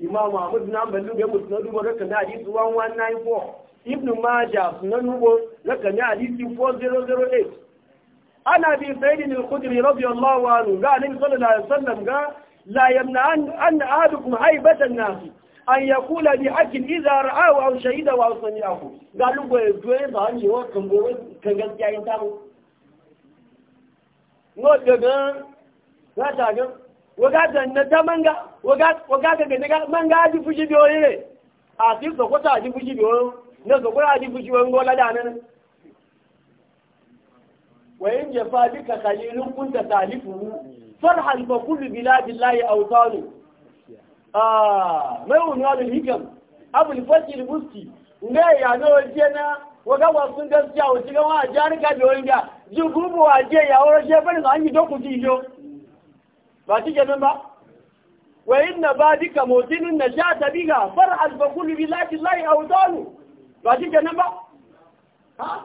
imam ahmad nan ballu ya musnadu baraka da hadisi 1194 ibnu majah sunan nubo lakani hadisi 4008 ana bi sayyidin al-khudri radiyallahu anhu ga annabi sallallahu alaihi wasallam ga la yamna an an ahadukum haibatan nas an yakula bi hakin idza ra'ahu aw shahida wa sami'ahu ga lugo e doye ba ni wa kan go kan gaskiya yin taro. ngo daga ga waga ta manga waga waga ga manga ji fuji biyo ne a ti so ko ta ji fuji biyo ne so ko ta wayin jafa duka kalilun kunta talifu farhal ba kullu biladillahi awtanu ah mai unwalul hikam abul fatil muski ne ya no jena waga wasun gaskiya o a wa jarika bi oinga jugubu wa je ya oro je bari na yi doku ti yo ba ti je ba wa inna badika mutinun nashata biga farhal ba ba ba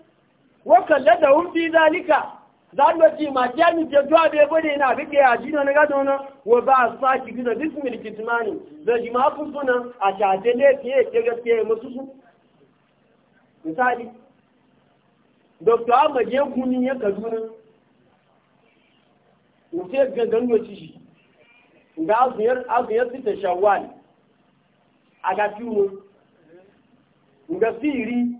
wakalla da hunfi zalika za mu ci ma jami je duwa bai gode na bige ya ji na ga dona wa ba sa ki gida bismil kitmani da jima kun suna a ta je ne e ke ke gaske musu su misali dr ahmad ya kuni ya kaduna wuce ga gango ci shi ga azuyar azuyar sita shawwal a ga mu. ga siri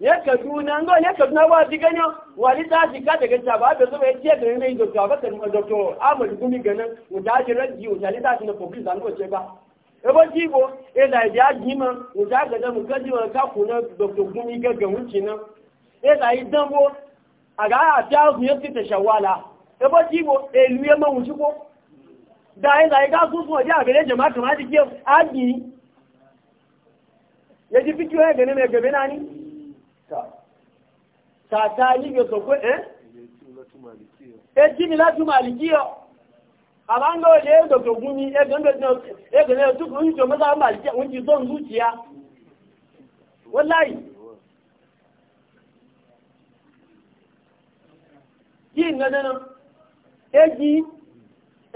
ya kaduna ngo ya kaduna wa diganya wali ta jika daga shaba da zuba ya ce da ne da ga bakar mu da to amul e gumi ganan mu da ji raji mu tali ta tuna kofi zan ko ce ba e ba ji bo e da ya ji ma mu da ga mu kaji wa ka kuna da to gumi ga ga wuce na e da yi dan bo a ga a ta su ya ta shawala e ba ji bo e lu ya ma mu ji ko da e da ga su su ja ga jama'a kamar ji ke agi ya ji fitiyo ya gane mai gabe na ni tàtà yíyọ sọ̀kọ́ ẹ́ ẹjí mi láti màlìkí ọ àbáńgá olè ẹgbẹ̀gbẹ̀gún ni ẹgbẹ̀rẹ̀ tó kùn ní ṣòmọ́sá wọ́n ti tó ń lúti ya wọ́n láì kí ìgbẹ̀dẹ̀nà ẹjí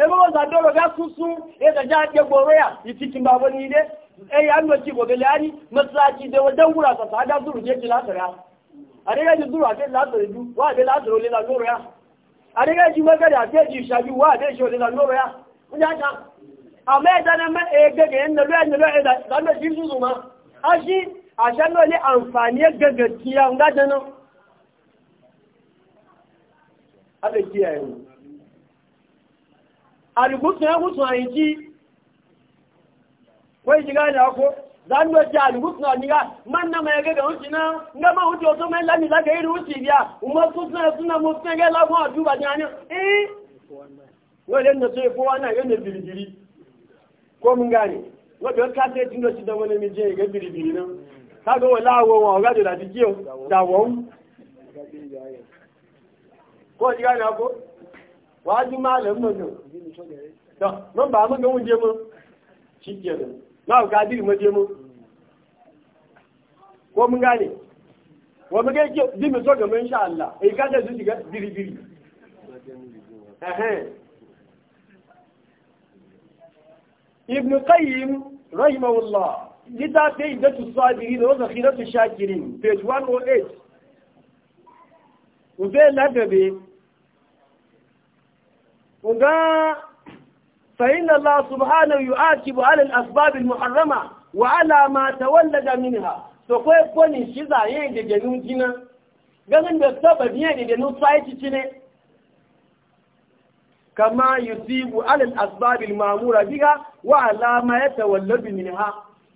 ẹgbẹ̀rẹ̀ ai an wace gobe lari masallaci da wadan wura sa ta da zuru je ki lasara ya are ga ji zuru ate lasara du wa de lasara le la noro ya are ga ji maka da ate ji shaju wa de sho le la noro ya mun ja ta amma da na ma e ga ga yanda lo yanda lo e da da na ji su ma ashi a shan lo le amfani ga gaskiya nga da no abe kiyaye a aligusun ya gusun ayi ji ko yi shiga da ko za mu ji alugus na niga man na mai ga wuci na nga ma wuci to mai lami la ga yi wuci biya umma su suna suna mu suna ga la ko ba duba ni ani eh wale na sai ko wannan ga ne biribiri ko mun gane wato ka sai tindo shi da wani mije ga biribiri na nan kaga wala wa wa ga da dikiyo da won ko ji gane ko waju malamin mun to mun ba mun ga wunje mun shi kenan na ga diri maje mu ko mun gane wa mun gane di mu so ga mun insha Allah e ka da zuci ga diri diri eh ibn qayyim rahimahullah litafi idatu sabirin wa zakhiratu shakirin page 108 Obe lagabe, Oga فإن الله سبحانه يعاقب على الأسباب المحرمة وعلى ما تولد منها فكوي كوني شيزا يين دي جنون جنا غنن ده سبب يين دي جنون سايتي تشني كما يصيب على الأسباب المأمورة بها وعلى ما يتولد منها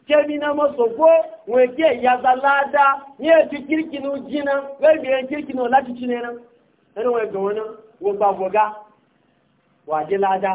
kemina maso ko weke ya zalada ye ti kirkinu jina we bi en kirkinu lati chinena eno we gona wo gbagoga wa je lada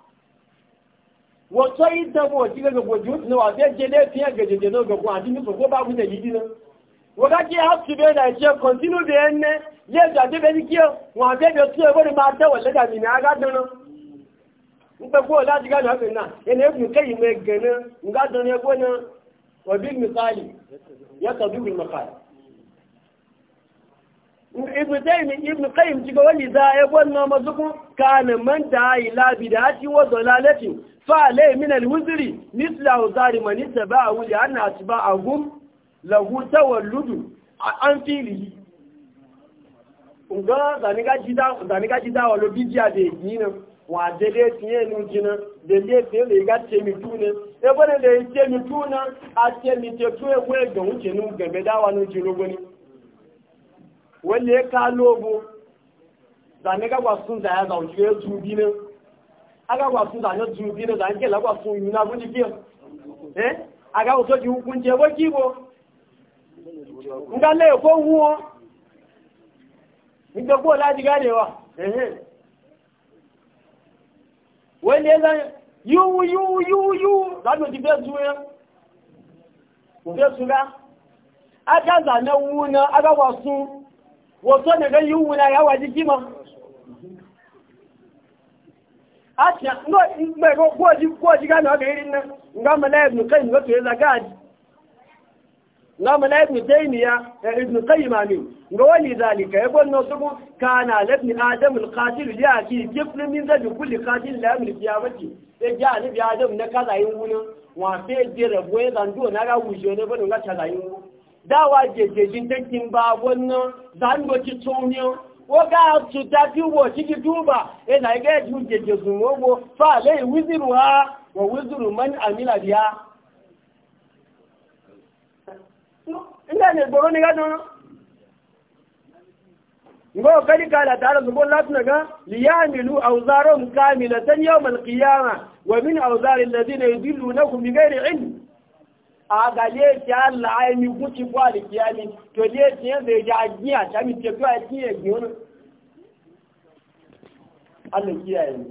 wọ́tọ́ ìdánwò òjílẹ̀ gbogbo jù ní wà tẹ́ jẹ́ lẹ́fíà gẹ̀gẹ̀gẹ̀ náà gbogbo àti ní sọ̀kọ́ bá gúnlẹ̀ yìí dínà wọ́n ibn taymi ibn qayyim jiga wani za ya gwanna mazuku kana man da ila bidati wa dalalati fa lay min al-wuzri mithla uzari man itaba wa li anna atba'ahum lahu tawalludu an fili nga zaniga jida zaniga jida wa lobiji ade yina wa dele tiye nu jina dele dele ga temi tuna e bone le temi tuna a temi te tu e gwe gbe nu gbe da wa nu wanda ya kalo bu zane gagwa sun da ya ya zubi ne agagwa sun da ya zubi ne zane na guji eh hukunce le ko wuo nga ko laji ganewa eh wanda ya zane yiwu yiwu yiwu yiwu zane wuna wọ́tọ́ yi yíò ya yàwà jíjí mọ́ gbẹ̀rọ kóòjí gánà ọ̀bẹ̀rin náà ngámọ̀lá ẹ̀bùn kẹ́yìn ló tó yẹ́zà gáàdì ngámọ̀lá ẹ̀bùn tẹ́yìn ya ẹ̀bùn eh, kẹ́yìn máa mi ga wani zalika ya gwanna suku kana labni adamul qatil ya ki giflin min zabi kulli qatil la yamlik ya mace sai ja bi adam na kaza yin wuni wa sai je rabo na ga bane dáwà jẹjẹjì tẹ́kì ń bá wọnà zangoci tóníọ́ ó gáà tó dájú wọ̀ síkí túbà ẹ̀nà ẹgbẹ́ ìjú jẹjẹjì owó fàálẹ̀ ìwízìrù ha wọ̀ wízìrù mọ́n àmìlàdì ha ngo kadi kala tare su bolla tun ga liyamilu awzarun kamilatan yawm alqiyamah wa min awzari alladhina yudillunakum bighairi ilm agale ti ala ẹni gúnti bọ́ àlèkí ẹni tó lé tí ẹ bèèrè ají àtàmì tí ó ẹtí ẹgbẹ̀ ọ́nà alèkí ẹni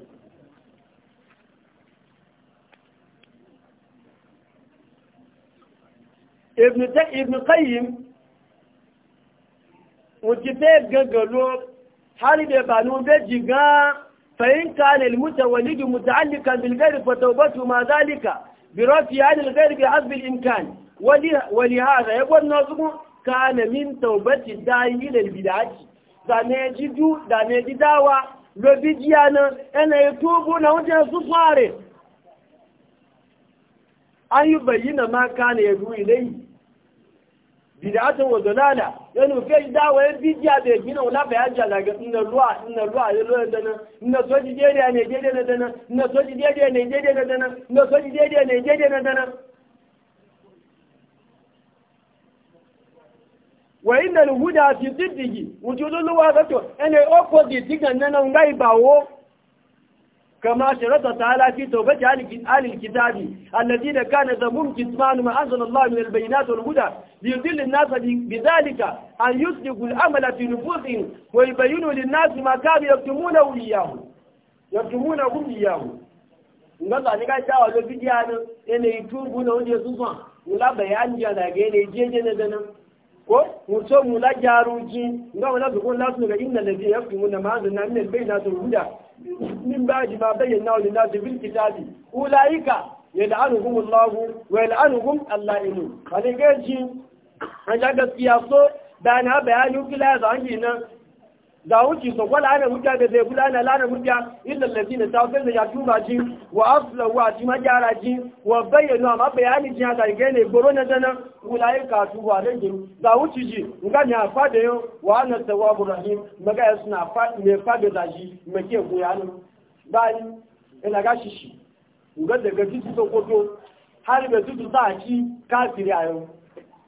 ibn qayyim wọ́n ti fẹ́ gangan ló hari da ba ní ọdẹ́ jì gan fẹ̀yìn kan ilmúta wàlídì muta'allikan bilgari fatawbatu ma zalika برفع هذا الغير بحسب الإمكان ولهذا يقول نظمه كان من توبة الداعي إلى البدعة زانيجي دو زانيجي دعوة لبديانا أنا يتوبون وجه سفاره أن يبين ما كان يدعو إليه bid'atun wa dalala yana kai dawa ya e bidiya da gina wala ba ya jala ga inna ruwa inna ruwa ya lo da nan inna so ji dede ne dede na inna so ji dede ne dede na inna so ji dede ne dede na wa inna al-huda fi diddihi wujudul wa gato ene opposite digan nan ngai bawo كما شرط تعالى في توبة آل الكتاب الذين كان ذمهم كتمان ما أنزل الله من البينات والهدى ليضل الناس بذلك أن يسلكوا الأمل في نفوسهم ويبينوا للناس ما كانوا يكتمونه إياه يكتمونهم إياه ngọ́gbà ní káṣá ọ̀dọ́ fídíà náà ẹni ìtúbù náà ó di ẹ̀sùn sàn ńlá bẹ̀yà ń jẹ́ jẹ́jẹ́ dandan náà ko muso mu la jaruji nga wala su ko lasu ga inna ladhi yaqimuna ma anzalna min al-bayyinati wal-huda min ba'di ma bai bayyana lil nasi bil kitabi ulaika yal'anuhum Allah wa yal'anuhum al-la'imun kale gaji an ga gaskiya so da na bayani kila da an nan da wuce so wala ana murja da zai gudana lana murja illa allazina tawfin da yatu ji wa afla wa gyara ji wa bayyana ma bayani ji haka ga ne goro na dana ulai ka tu wa da giru da wuce ji ga ne afa da yo wa ana tawabu rahim maga ya suna fa ne fa da zaji make goyanu ni, ina ga shishi ga daga titi koto har da titi za a ci kafiri ayo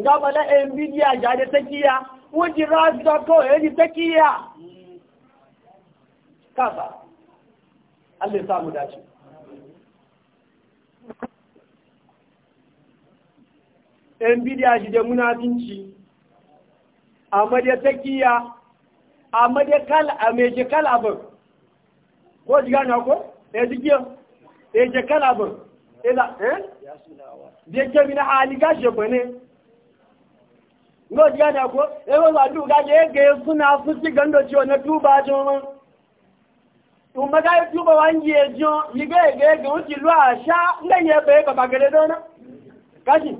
nga bala nvidia jade takiya wuji razda ko yaji e takiya kaza Allah ya samu dace nvidia jide munafinci amma da takiya amma kal ameje kal abin ko jiga na ko e jigiya e je kal abin ila e eh je kemina hali gashe ngo diya da ko ewe wa du ga ye ge suna fusi gando ciwo na tuba jo to maga ye tuba wanji ye jo yi ge ge ge uti lu asha nga ye dona kaji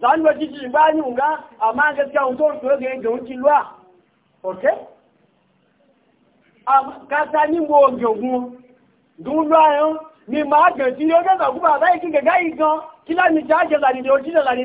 dan wa ji ji ba ni nga amma gaskiya un to to ge ge uti lu a okay am ka sa ni mo gbogun dun lu ayo ni ma gan ti yo ga ku baba yi e ki ga yi gan kila ni ja je la ni de oji la ni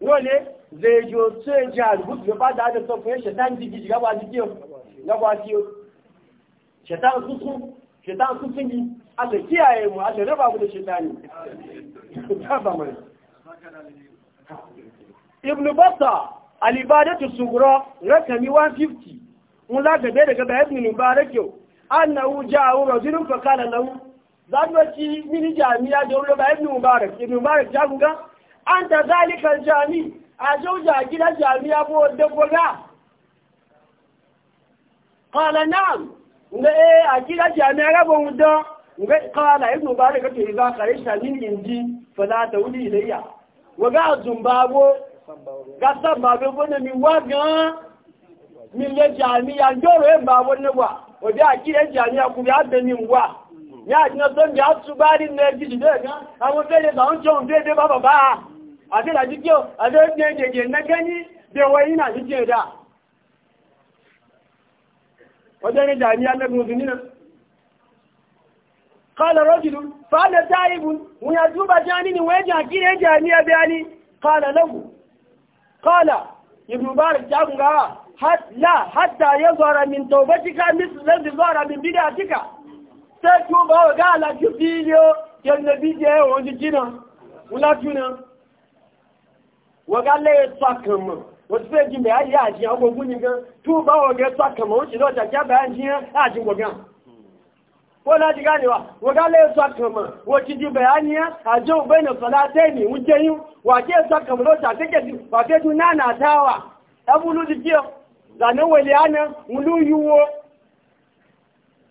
wole zai jo tsoye ji alubutu ya fada hada sofa ya shaitan jiki shiga ba jiki gaba kiyo shaitan susu shaitan susun yi aka kiyaye mu aka raba mu da shaitani ba mai ibn batta alibadatu sugura rakami 150 mun laka bai daga bayan ibn mubarak yau annahu ja'a rajulun fa qala lahu zadwaci mini jami'a da ruba ibn mubarak ibn mubarak ja guga an ta zalikar jami a jauja gidan jami ya buwa dabbaga kala na'am ga e a gidan jami ya raba wudo ga kala ibn mubarak ka tiri ba kare shi min inji fa za ta wuli ilayya wa ga zumbabo ga san babu mi wa ga min le jami ya joro e babo ne wa o bi a gidan jami ya ku ya da min wa ya jina so mi a subari ne gidi de ga àwọn tele ba on jo on de ba baba ba àti ìdájíjọ́ àdéjẹ́jẹ́jẹ́ nẹ́gẹ́ ní bẹ̀wọ̀ yínà jíjẹ́ ẹ̀dá ọjọ́ ní jàmí alẹ́gùn òdún nínú kọ́lọ̀ rọ́jùlú fàálẹ̀ táìbù wọ́n yà túbà jáni ni wọ́n jà kíre jàmí ẹbẹ́ ní kọ́lọ̀ lọ́gù kọ́lọ̀ ìbùbárì jágungáwà hátà yẹ zọ́ra min taubatika misalin zọ́ra min bidatika sai tuba wa ga alaƙi filiyo yanzu bidiyar wọ́gálẹ̀ ẹ̀tọ́ àkànmọ̀ wọ́n ti fẹ́ jí mẹ́ ayé àjíyàn gbogbo nìkan tó bá ọ̀gẹ́ ẹ̀tọ́ àkànmọ̀ ó sì lọ́jà jábẹ̀ àjíyàn àjí gbogbo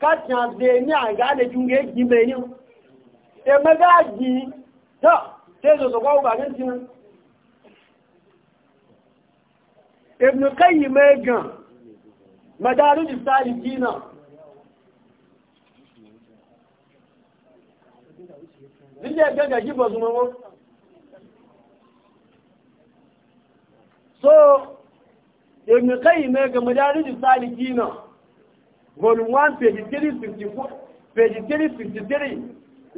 káàkiri àgbẹ̀ ní àgbà àdẹ̀jú ẹgbì mẹ́ni ẹgbẹ́gbẹ́ àgbì tọ́ tẹ́sọ̀sọ̀kọ́ ọgbà ní sínú ẹgbẹ̀kẹ́yì mẹ́gàn mẹ́dàrí ìsáàlì jínà nílé ẹgbẹ́gbẹ́ súnmọ́ so mẹ́gàn mẹ́dàrí volume 1 page 354 page 353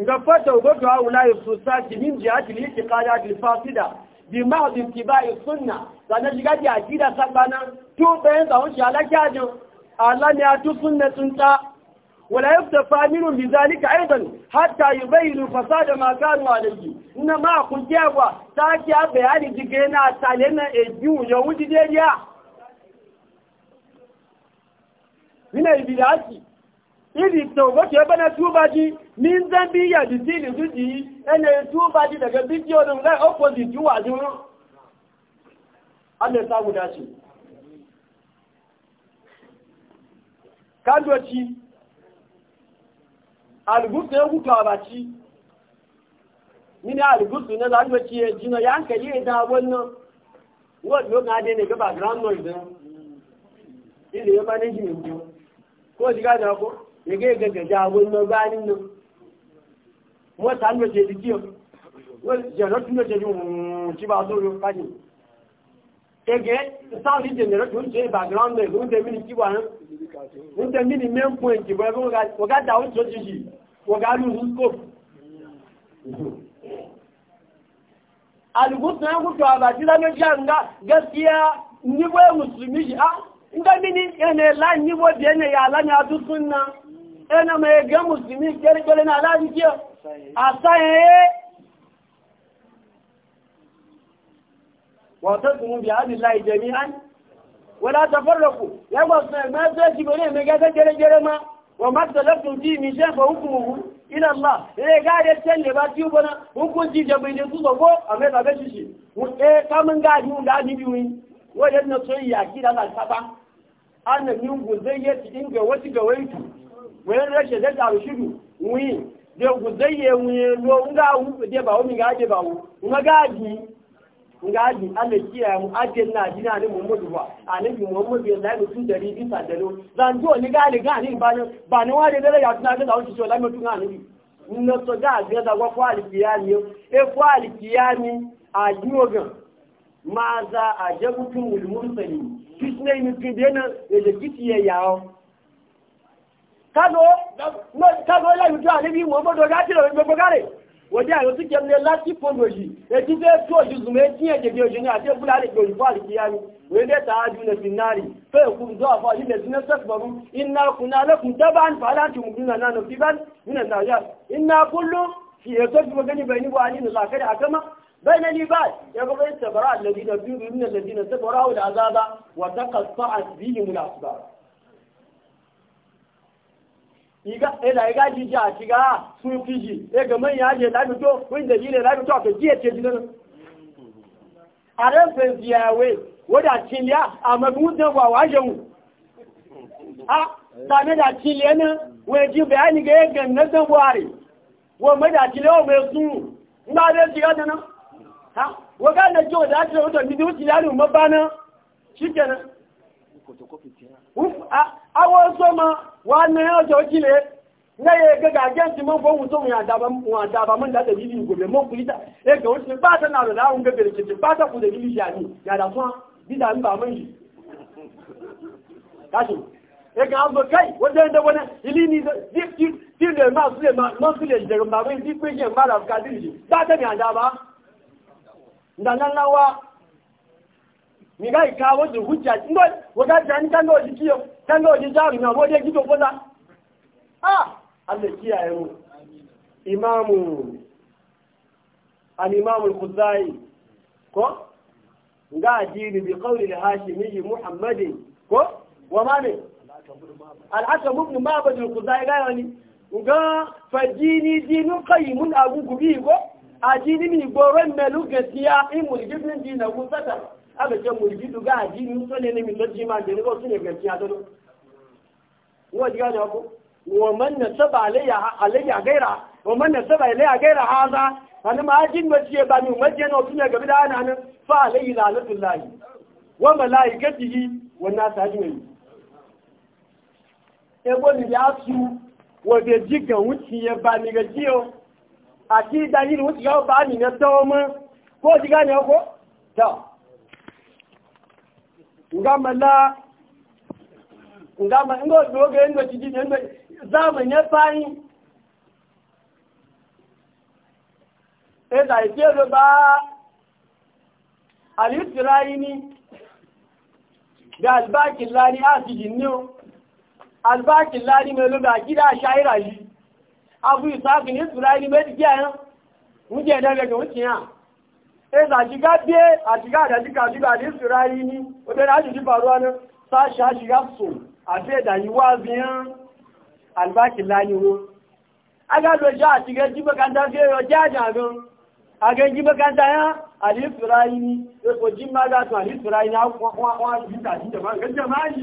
nga fata ugoto au la yususati min jihati liqalat alfasida bi ma'd ittiba'i sunna sana jigaji akida sabana tu bayan da wuce alajajo Allah ne atu sunna tunta wala yaftafa minhum bidhalika aidan hatta yubayinu fasada ma kanu alayhi inna ma jigena talena yawudi nílẹ̀ ìbìlẹ̀ àti ìdí tọ̀gbọ́ tí ó bẹ́ẹ̀ tí ó bá jí ní ń tẹ́ bí yàdì sí ìlú tó jí ẹni tí ó bá jí dẹ̀gẹ́ bí tí ó dùn lẹ́ ọ́pọ̀sì tí wà dùn rán alẹ́ sáwùdá sí kájọ́chi alùgúsù egwu kọ̀ọ̀bàchi nínú alùgúsù náà lájọ́chi ẹjìnà ya ń kẹ̀lé ìdá agbọ́n náà wọ́n ko shiga da ko ya ga gaggaja wannan bayanin nan mota an mm, ce dikiyo wani jẹ̀rọ̀tún ló jẹ̀rọ̀ tí bá tó rọ̀ kájì ẹgẹ́ sáàrí jẹ̀rọ̀tún jẹ́ background rẹ̀ lóúnjẹ́ mí ní kíwà rán lóúnjẹ́ mí ní main point nga ni ndamini ene la nyibo biene ya la nya du sunna ene me ga muslimi kere kere na la ji asaye wa tasmu bi adillahi jami'an wala tafarraqu ya ba sai ma sai ji bare me ga kere kere ma wa ma talaftu ji mi sha fa hukmuhu Allah ene ga da telle ba ti ubana hukunci da bai da su go amma ba ga shi shi eh kamun ga ji da ni saba ana mingu zai ya ci ga waitu wani rashin zai tsaru shiru wuyi da ku wuyi lo nga ba wu nga nga gaji nga ji ana mu ajin na dina ne muhammadu ba annabi muhammadu ya dari bisa dalo zan jo ni ba ne ba ne wa ga so so ga ga da kwali kiyami e kwali kiyami a ma za a jabutun ulmursali kisne ni kidena ele kitiye yawo kado mo kado la yuto ale bi mo bodo ga ti lo gbogbo gare wodi ayo ti jemle lati pondo yi e ti fe to ju zume ti e jege ojo ni ati e bulale gbo ifo ali kiyami we de ta aju ne finari fe ku do afa ni le sinna sakbaru inna kunna lakum taban fala tumduna nanu fiban min an-najat inna kullu fi yasabbu gani bayni wa alina la kada akama بين العباد يبغى السبراء الذين بيروا من الذين سبروا العذاب وتقطعت بهم الأسباب ila ya gaji a shiga sun fi ji ya ga manya je lami to wani da jile lami to a kai ce ji nan a ran fe ziyawe wadda amma a magudan wa wajen a same da ciliya nan wani ji bayani ga ganna zan wa mai da mai su shiga wọ́gá lè jọ ìdájọ́ ọjọ́ ìdí ó ti yára ìmọ́ bá náà ṣíkẹ̀rẹ̀ àwọn ọ̀sọ́ ma wà ní ọjọ́ ìjìnlẹ̀ lẹ́yẹ gẹ́gà gẹ́ǹtì mọ́ fóhun tó wùn àdàbà mọ́ ìdájọ́ ìlú ìgbòmẹ̀ mọ́ kú ìdá ẹgbẹ̀ ó ti pàtàkì náà rẹ̀ láhùn gẹ́gẹ̀rẹ̀ kìtì pàtàkì lè lílì ìyàní yàdà fún dídà ń bà mọ́ yìí káṣù ẹgbẹ̀ àgbẹ̀ káì ó jẹ́ ìdẹ́wọ́n ilé ní tí ilẹ̀ máa sílẹ̀ máa sílẹ̀ jẹ̀rọ̀ da nan nawa mi ga ika wo ji hujja ngo wo ga jan kan do ji kiyo kan do ji na wo de gido ah Allah kiyaye mu imamu al imamu al khuzai ko ga dini bi qawli al hashimi muhammadin ko wa ma ne al hakim ibn mabad al khuzai ga yani ga fajini dinu qayyimun agu gubi ko addini mi goron melu gaskiya in mulgibin dina ku sata aka ce mulgidu ga addini so ne ne mi lojji ma da ne ko sune gaskiya dole wa diga da ku wa man nasaba alayya alayya gaira wa man nasaba alayya gaira haza Ani ma ajin wace ba mi wace na sune gabi da ana nan fa alayhi lanatullahi wa malaikatihi wa nas ajmain ebo ni ya su wa de jigan wuti ya ba ni ga jiyo àti ìdájírí wọ́n ti yọ́ bá nìyà tọ́wọ́ mọ́ kó ti gá ní ọkọ́ tọ́ ngámàlá ngóògbé ẹgbẹ̀ ti jíjẹ ẹgbẹ̀ jì ní o albákìlá ní mẹ́lú bá gídá àṣà yìí abu isaac ní israeli méjì jẹ́ ẹ̀hán ń jẹ́ ẹ̀dẹ́gbẹ̀gbẹ̀ ń tìyàn ẹ̀sà àṣìgá bí àṣìgá àdájíkà àṣìgá ní israeli ní obìnrin àṣìjí faru ọ́nà sáṣà àṣìgá sọ àti ẹ̀dà yìí wá bí láyíwó agádọjọ́ àṣìgá jí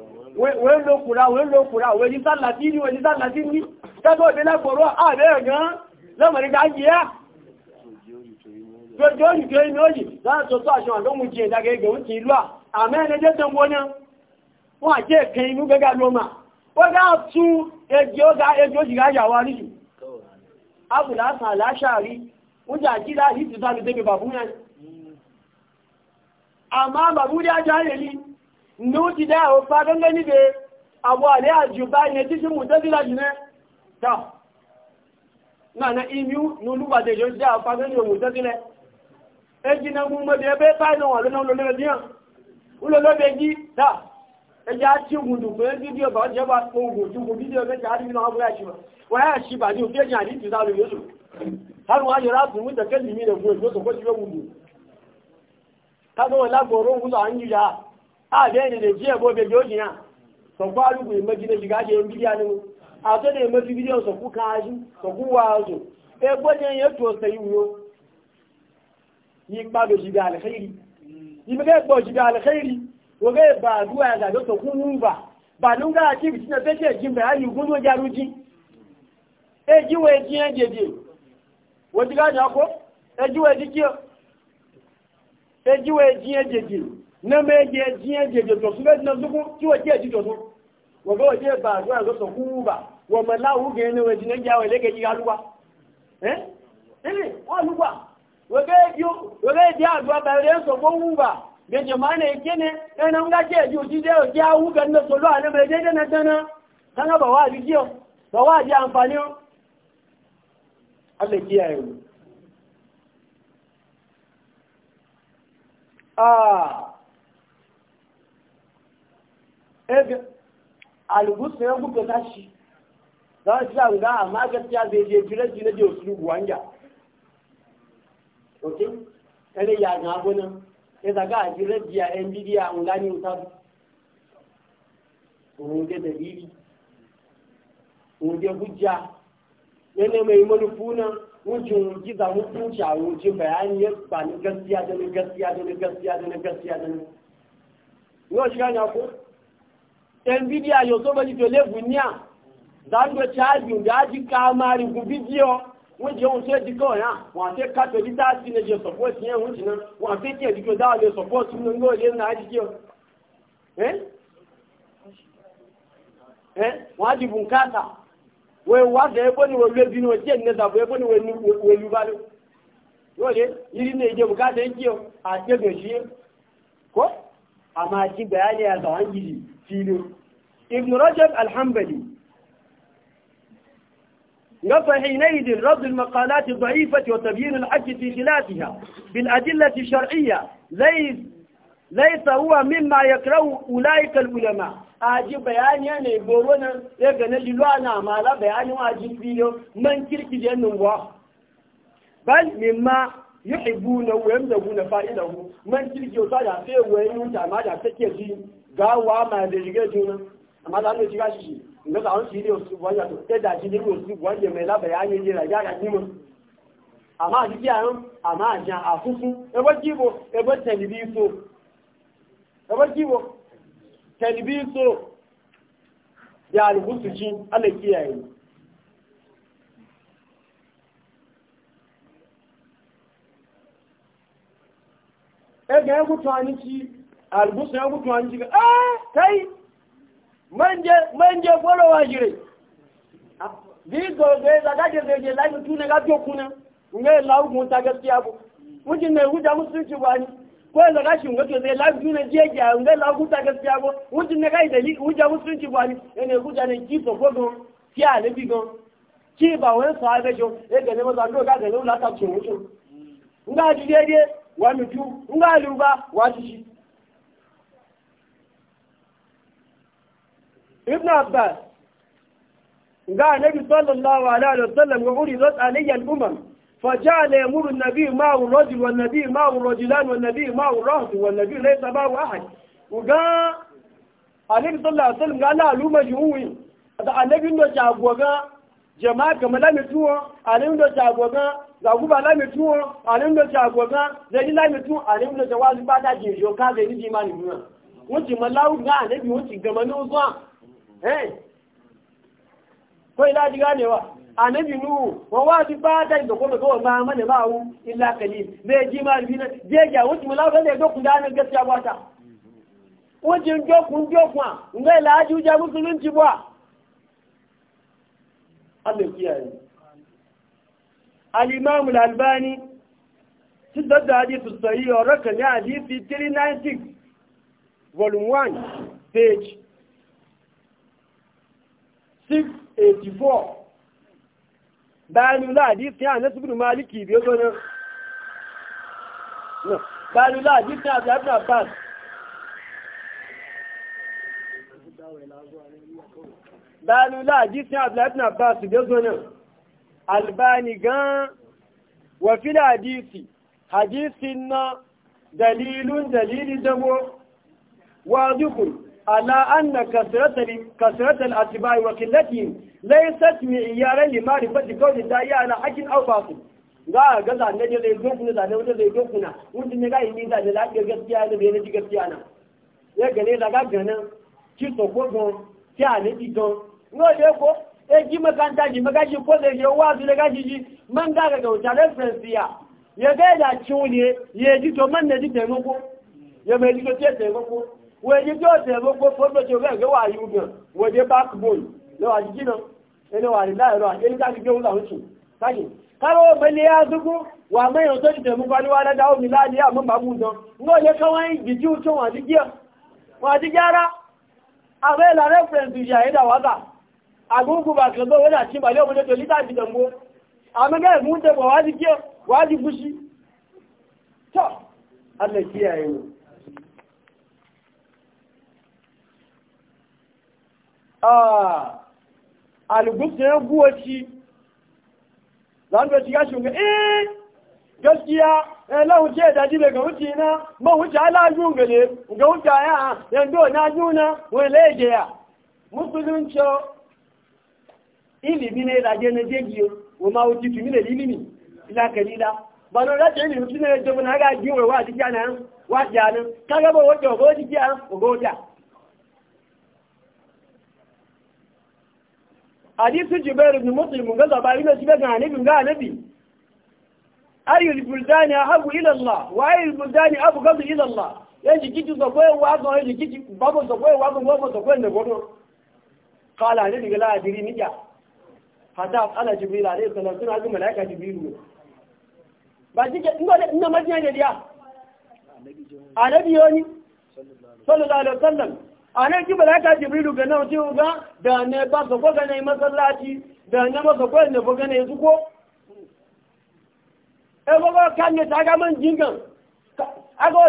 wọ́n ló kùra wọ́n ló kùra wọ́n ní sálà tí ní wọ́n ní sálà tí ní tẹ́gbọ́ ìbílẹ̀ pọ̀rọ̀ ààrẹ gan lọ́mọ̀rígbà yíá tó yìí tó yìí lóyìí láti tó tó àṣọ àdóhun jẹ ìdágẹ́ ìgbẹ̀rún ti ìlú à àmẹ́ẹ̀lẹ́jẹ́ tó wọ́n náà wọ́n àjẹ́ ẹ̀kẹ́ inú gẹ́gẹ́ lọ́mà ó dá tún ẹjọ́ ga ẹjọ́ jìgá yàwó àríjù abùlásàn aláṣàárí ó jà jí láàrín ti sáré débi bàbú yẹn àmá bàbú dé ajá yẹn nuti da o fa gangani da abu ale ajuba ne ti mu da dila ne ta na na imiu nulu wa de yo da fa gangani mu da dila e jina mu mo de be pa no wa lo no lo le dia u lo lo be ji ta e ja ti mu du pe bi bi o ba je ba ko go ju ko bi de ga ja ri no abu ya shi ba wa ya shi ba ni o pe ja ni ti da lo yo so har wa yo ra bu mu da kan limi da go so ko ji ba mu la go ro mu da an ji àbẹ́ni lè jí ẹ̀bọ́ bẹ̀bẹ̀ ó jìyàn sọ̀kú àrùgbò ìmọ̀jìnà ṣìgáṣe ń bídí ànú àtọ́lẹ̀ ìmọ̀jú bídí sọ̀kú wà ọ̀sọ̀ ẹgbọ́ ní ẹyẹ tó ọ̀sẹ̀ ìwúrò yí na meje jiye je jojo su be na zugu ti wa je jijo su wa ga waje ba zuwa ga so ku ba wa malahu ga ne wa jinan jawa le ga ji aluwa eh eh aluwa wa ga yo wa ga ji aluwa ba re so ko wu ba be je ma ne ke ne e na nga je ji ji o ja wu ga na so lo ana na dana kan ba o ba wa ji amfani o Allah kiyaye mu e ah ebe alubusu ya guga tashi za a shiga guga amma gaskiya zai je firar shi na je su rubu wanda ok kare ya ga gunan ya zaga a firar jiya yan bidiya a ngani wuta wunde dalili wunde hujja yana mai manufuna wujin mu hukunci a wujin bayani ya ba ni gaskiya da ni gaskiya da ni gaskiya da ni gaskiya da ni yau shiga ne ko ɗan bidiya yau so mani to le guniya za mu da caji da aji kamari ku bidiyo wunje wun sai ji kawai ya wa sai ka to ji ta ci ne je support ne wunje nan wa sai ke ji ko da le support nan go le na aji kiyo eh eh wa ji bunkata we wa da ebo ni wo le bi ni wo je ne da bo ebo ni wo ni wo lu ba lo yo le yiri ne je bukata kiyo a je go shi ko amma ji bayani ya zawan gidi filin ibn rajab alhambali نفى حينئذ رد المقالات الضعيفة وتبيين الحج في خلافها بالأدلة الشرعية ليس ليس هو مما يكره أولئك العلماء aji bayani ya ne goro nan ya ga na lilwa na mala bayani wa aji filo man kirki da nan wa bal mimma yuhibbuna wa yamdabuna fa'idahu man kirki ta da sai wayin ta ma da take ji ga wa ma da shige juna amma za mu shiga shi ga za mu shirye su wanda to sai su mai la bayani ne da ga kima a jiki ayon a jan a fufu ebe kibo ebe talibiso ebe kibo talibiso ya albusu ya mutu an jiga a ah, kai manje manje goro wa jire bi go ge je je la ne ga to kuna ngai lawu mun ta gaskiya bu mujin ne wuja musulunci ba ni ko da ga shin wato zai lawu ne je ga ngai lawu ta gaskiya bu mujin ne ga dalili huja musulunci ba ni ne huja ne ki so gogo ki a ne bi go ki ba wani sahabe jo e ga ne maza zan do ga ga lawu la ta ci mutu ngai ji dai wa mutu ngai luba wa ci ibn abbas ga annabi sallallahu alaihi wasallam ga uri zat alayya al-umam فجعل يمر النبي معه الرجل والنبي معه الرجلان والنبي معه الرهط والنبي ليس معه أحد وقال النبي صلى الله عليه وسلم قال لا لوما جهوي النبي انه جاغوغا jama'a ga malami tuwo alim da jagoga ga guba lami tuwo alim da jagoga da ni lami tuwo alim da jawazi ba da jejo ka da ni jimani nuna wuce malawu ga anabi ji gama eh ko ila ji ganewa annabi nuhu wa wadi ba da da kuma ga ba mana ba hu illa qalil zai ji ma bi na je ga wuce mu lafa da dokun da nan gaskiya ba ta wajin dokun dokun ngai la ji ja musulunci ba Allah kiyaye al-imam al-albani siddar da hadithu sahih wa rakam ya 396 volume 1 page 684 bayan ladi sai anas ibn maliki biyo gona bayan ladi sai abdul abbas bayan ladi sai abdul abbas biyo gona albani gan wa fil hadisi hadisin na dalilun dalili dabo wa dukul على أن كثرة الأتباع وقلتهم ليست معيارا لمعرفة قول الله على حق أو باطل ga ga da ne zai da ne wanda zai gofuna wanda ne ga yi da da ake gaskiya ne bai naji gaskiya na ya gane da ga ganin ki so ko gon ki a ne digon no je ko e ji makanta ji magaji ko da je wa su da gaji ji man ga ga wuta reference ya ya ga da ciwo ne ya ji to man ne ji da ko ya mai ji ko to ko wòye tí ó tẹ̀ gbogbo fọ́gbọ́tí ọgbẹ́ ìgbé wà yíò gan wòye backbone lọ́wà jíjí náà ẹni wà ní láìrọ àjẹ́lí káàkì gbé òun làwọn sùn káàkì káàkì ó mẹ́lẹ̀ yá dúkú wà mẹ́yàn tó ti tẹ̀mú pálí wá dáadáa omi láàdí àmọ́ bàbú gan ngó yẹ ká wọ́n jìjú tó wọ́n àdíjí wọ́n àdíjí ara àwọn ìlà rẹ́fẹ̀rẹ̀nsì ìyà ẹ̀dà wákà àgúngù bàkẹ́gbọ́ wọ́n àti ìbàlẹ̀ òun tó lítà ti dẹ̀mbó àmọ́ gẹ́gẹ́ mú tẹ̀bọ̀ wá ti kí wá ti fúshi tọ́ alẹ́ kí ẹ̀yìn algusta ya guwa shi zanuwa ya shunga eh gaskiya eh la wuce da jibe ga wuce na ba wuce ala gale ga wuce ya yando na juna wai lege ya musulunci ilimi ne na wa ma wuce tumi da ilimi ila kalila ba rata ilimi ga wa wa hadithu jubair ibn muslim ga zabari na shiga ga annabi ga annabi ayyul buldani ahabu ila allah wa ayyul buldani abghadu ila allah yaji kiti so ko wa ga yaji kiti babo so ko wa ga mo so ko ne godo qala annabi ga la adiri hada qala jibril alayhi salam sun azuma malaika jibril ba jike ngole ina ne dia annabi yoni sallallahu alaihi wasallam a nan ki malaka jibrilu ga nan cewa ga da ne ba ka ko ga ne masallaci da ne masa ko ne ko ga ne su ko e ko ga kan ne ta ga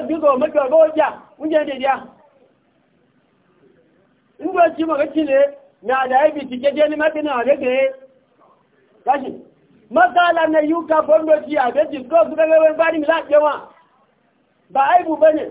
digo ma ga ga ja mun je da dia in ga ci ma ga ci ne na da ai bi tike je ni ma bi na da ke kashi masala na yuka bondo ci a da discuss ga ga ban ba ni la jewa ba aibu bane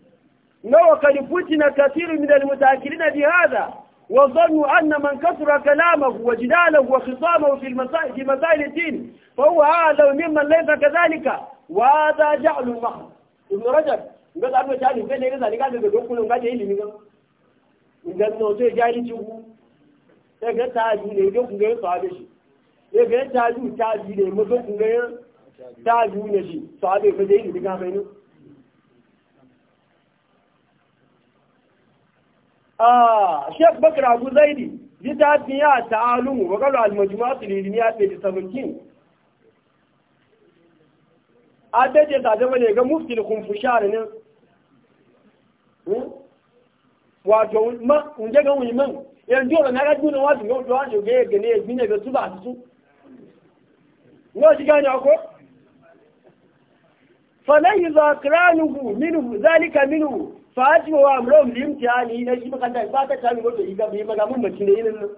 وقد فتن كثير من المتاكلين بهذا وظنوا أن من كثر كلامه وجداله وخصامه في المسائل في مسائل الدين فهو هذا ممن ليس كذلك وهذا جعل محض ابن رجب قال أنا جاهل بين إذا أنا قاعد أقول كلهم قاعد يلي من قال نو تي جاهل تشوفه يا قال تاجي لي جو كنجي صاحب شيء يا قال تاجي تاجي لي مو جو كنجي تاجي لي شيء صاحب فدي Ah, Sheikh Bakar Abu Zaidi littafin ya ta'alumu wa qalu al-majmu'atu lil-ilmiya 17 adaje ta zama ne ga mufti kumfu shari ne hmm? wato ma unje ga wani man yanzu ora na ga duna wato ga wato wato ga ga ne bi ne ga su ba su wani shi gani ako fa la yuzakranuhu minuhu zalika minuhu. Fati wa amrom limtiya ni na shi makanta ba ta kami wato iga bi maza mun mace ne yin nan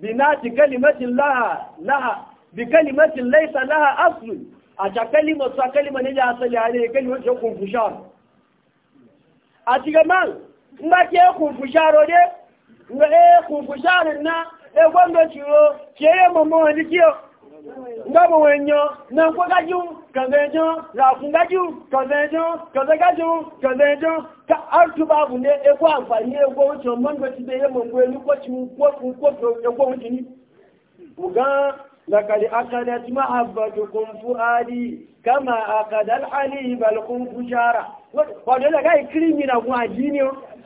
bi na ti kalimatin laha laha bi kalimatin laisa laha aslu a ta kalimar sa kalima ne ya asali a ne kalimar ta kunfushar a cikin man in ba ke kunfusharo de? ga e eh, kunfusharin na e gwamnati ro ke yi mamman wani kiyo ngabo wenyo na kwagaju kazejo la fungaju kazejo kazagaju kazejo ka artu babu ne e ko amfani e ko wuce man ga tibe ye mon ko ni ko ci ko ko ko e ko wuce ni muga لقد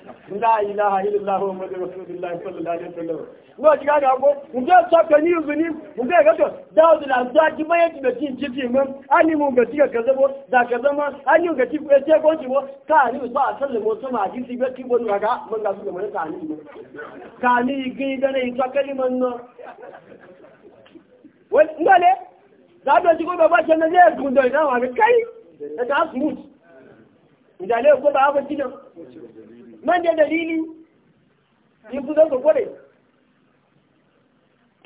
la ilaha illallah muhammadur rasulullah sallallahu alaihi wasallam wa jiga da ko mun ga saka ni zuni mun ga ga da da da da ki mai da tin jifi mun yi mun ga tiga kaza bo da kaza ma yi ga tiku e ce ko ji bo ka ni ba sallama to ma ji ti ga ti bo ga mun ga su ga mun ka ni ka ni gi da ne ta kaliman no wal ngale da da ji ko ba ce na je kun da na wa kai da e ta smooth ndale ko ba ba kidan man da dalili in su zan kwakwale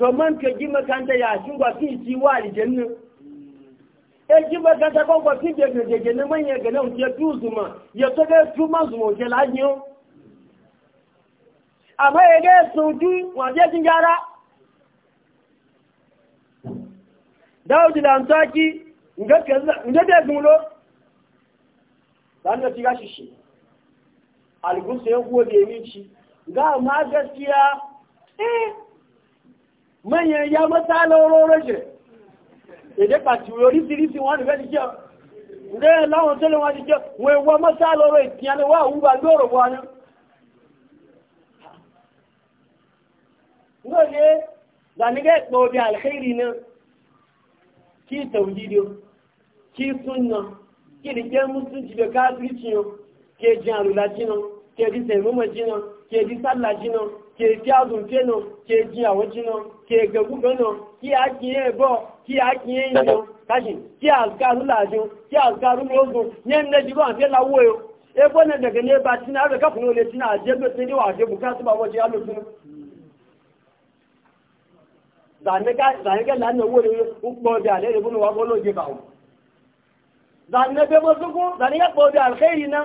to man ke ji makanta ya shi gwa fi ci wa aljanna e ji makanta ko gwa fi je je je man ya ga nan ya tu zuma ya to ga tu zuma ke lanyo amma ya ga su ju wa je jin gara la. lantaki ngaka ngaka gulo dan da shiga shi algusu ya gode min shi ga ma gaskiya eh manyan ya mata lauroro shi èdè pàtí oríṣiríṣi wọn nìfẹ́ ti jẹ́ ǹdẹ́ láwọn tẹ́lẹ̀ wọn ti jẹ́ wọn èwọ mọ́sá lọ́rọ̀ ìtìyàn wà wúgbà lóòrò wọn ní lóòrè zanigẹ́ ìpọ̀ obi alkhairi náà kí tàwùjídíò kí súnnà kí lè jẹ́ mú ke ji alula jina ke ji taimama jina ke ji sallah jina ke ji azun jina ke ji awo jina ke gagu gana ki a kiye bo ki a kiye yino kashi ki a garu lajin ki a garu logun ne ne jibo an lawo yo ebo ne daga ne ba tina abe kafin ole tina a jebe tini wa je bukatu ba waje alo tunu zanega lana wole ukpo bi ale ebunu wa bolo je ba o zanebe mo suku zanega kpo bi alkhairi na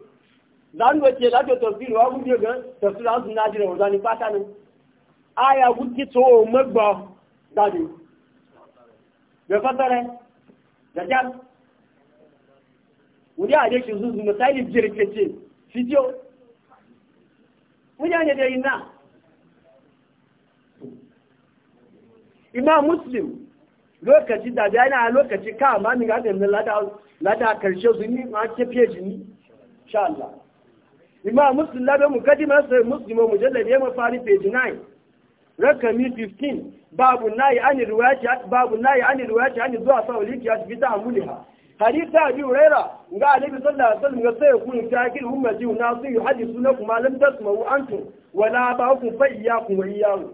zanu wace za ta tafsiri wa gudu ga tafsir an sunna jira wazani fata ne aya gudu to magba dadi da ne da jan wuri a yake zuzu misali jirkace fitiyo ne da na. imam muslim lokaci da yana lokaci ka ma mi ga da lada lada karshe su ni ma ke fiye ni insha Allah imam muslim labe mukaddima sai muslim mujallad ya fari page 9 rakami 15 babu nayi ani riwayati babu nayi ani riwayati ani zuwa sawliki ya bi amuliha hadith abi uraira ga alibi sallallahu alaihi wasallam ga sai kun takil ummati wa nasu lakum ma lam tasma'u antum wa la ba'ukum fa iyyakum wa iyyahu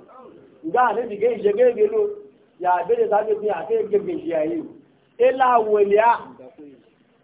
ga alibi ga jage gelo ya bere zabe ni a kai gebe shi yayi ila waliya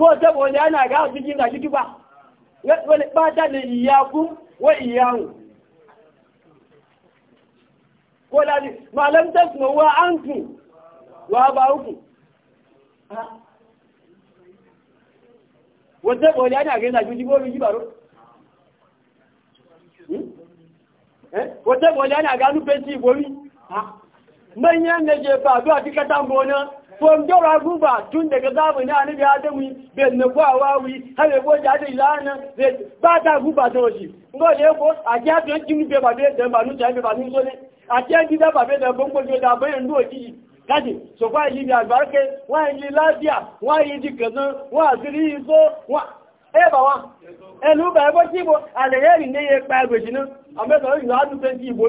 ko ta wani ana ga su gina shi tuba wani bata da iyaku wa iyahu ko malam ta suna wa an ku ba uku wata wani ga su gina shi tuba wata wani ga nufin si gobi manyan a na fondora guba tun daga zamani a nabi adamu bai nufa wawi hane ko ja da ilana ba ta guba ta waje ngo le ko a ja to jini be ba be da ba nu ja be ba nu so ne a ja ji da ba be da bon ko da ba yin duwa ji kaji so fa yi ni albarke wa yi lafiya wa yi ji kazan wa asiri so wa e ba wa elu ba e bo ti bo aleyeri ne ye pa egbeji na ameso yi adu pe ti ibo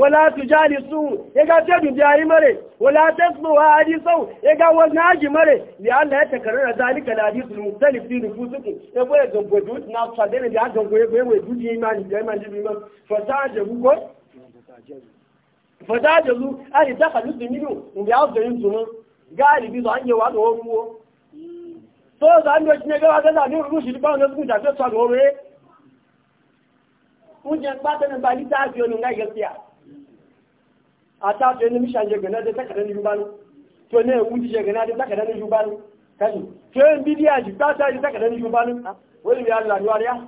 wala tujalisu yaga ta dujayi mare wala tasbu hadisu yaga waznaji mare li Allah ya takarrara zalika la hadisu mukhtalif fi nufusikum ya boye gambo dut na tsadene da gambo ya boye duji imani da imani bi man bi so za ta gaskiya. ata to ne mishan je gana da takada ni yubanu to ne wuji je gana da takada ni yubanu kashi to en bidiya ji ta ta ji takada ni yubanu wani ah. ya hmm. Allah hmm. duwar ya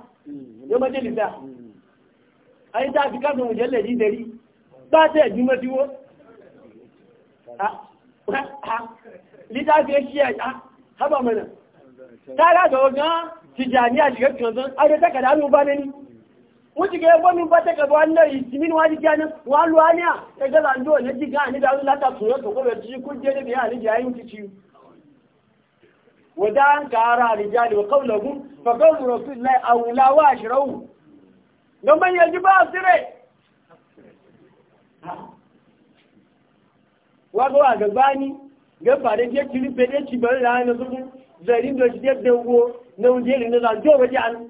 yo ma je ni ta ai ta bi ka mu je ji dari ta ta ji ma diwo a a li ta je shi ya ha ba mana ta la ga ga tijani a ji ga kan san ai takada ni yubanu ni wuce ga yabo min bata ka bawan nan yitimin wani janin walu aniya ya ga zando ne diga ni da Allah ta tsoro ta gobe ji kun je ne ya ni yayin kici wadan kara rijali wa qawluhum fa qawlu rasulillahi awla wa ashrahu dan ban yaji ba sire wa ga gabani ga fare je kiri pede ci bar la na zugu zarin da je dawo na unje ne da zando ba ji an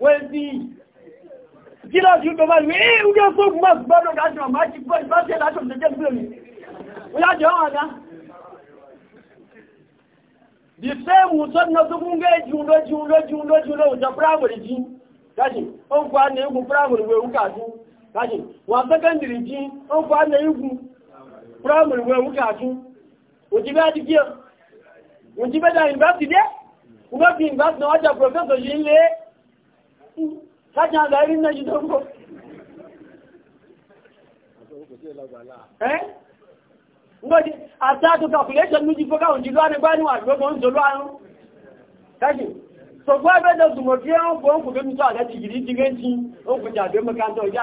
wezi kila kitu mali eh ungeso mas bado kacho maji kwa basi nacho mtetea mimi unajiona the same uton na zungunge jundo jundo jundo jundo ja primary ji kaji on kwa ne yugu primary we ukatu kaji wa secondary ji on kwa ne yugu primary we ukatu ujiba dikia ujiba da university de ugapi university na wacha professor jin le sájà àgbáyé náà jù tó ń bọ̀. Ngọ́dí, àtàtù calculation méjì fọ́ká òjì lọ́wọ́ nígbà níwà gbogbo ń jòlọ́ àrùn. Tẹ́kì, sọ̀gbọ́ ẹgbẹ́ tó súnmọ̀ tí ó ń fọ́ ń kò tó ń tọ́ àlẹ́ jìgìrí ti ó kò jàbé mẹ́kántọ́ ìjà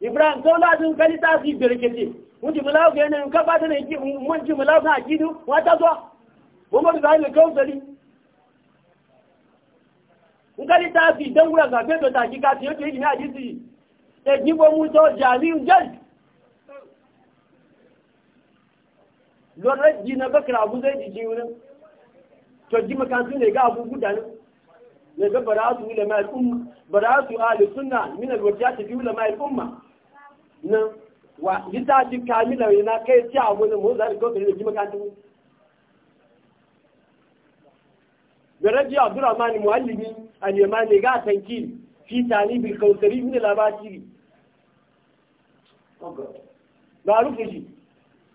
ibrahim sau lajin kali ta fi birkiti wuce mulawu ga yanayin kafa ta na Mun munci mulawu na akidu wata zuwa muhammadu zahir da kawusari n kali ta fi don wura zafe da ta kika ta yake yi na jisi ta e, gibo mutu jami'in jal lorraji na bakira abu zai jiji wurin to ji makansu ne ga abu gudanin ne ga bara'atu ulama al'umma bara'atu ahli sunna min al-wajhati fi ulama al-umma Na wa littafi kamila yana kai ci a wani motsa da kawai da jima kantin garaji abdurrahman muallimi al-yamani ga tankil fi tani bil kautari min al-abasiri baru fuji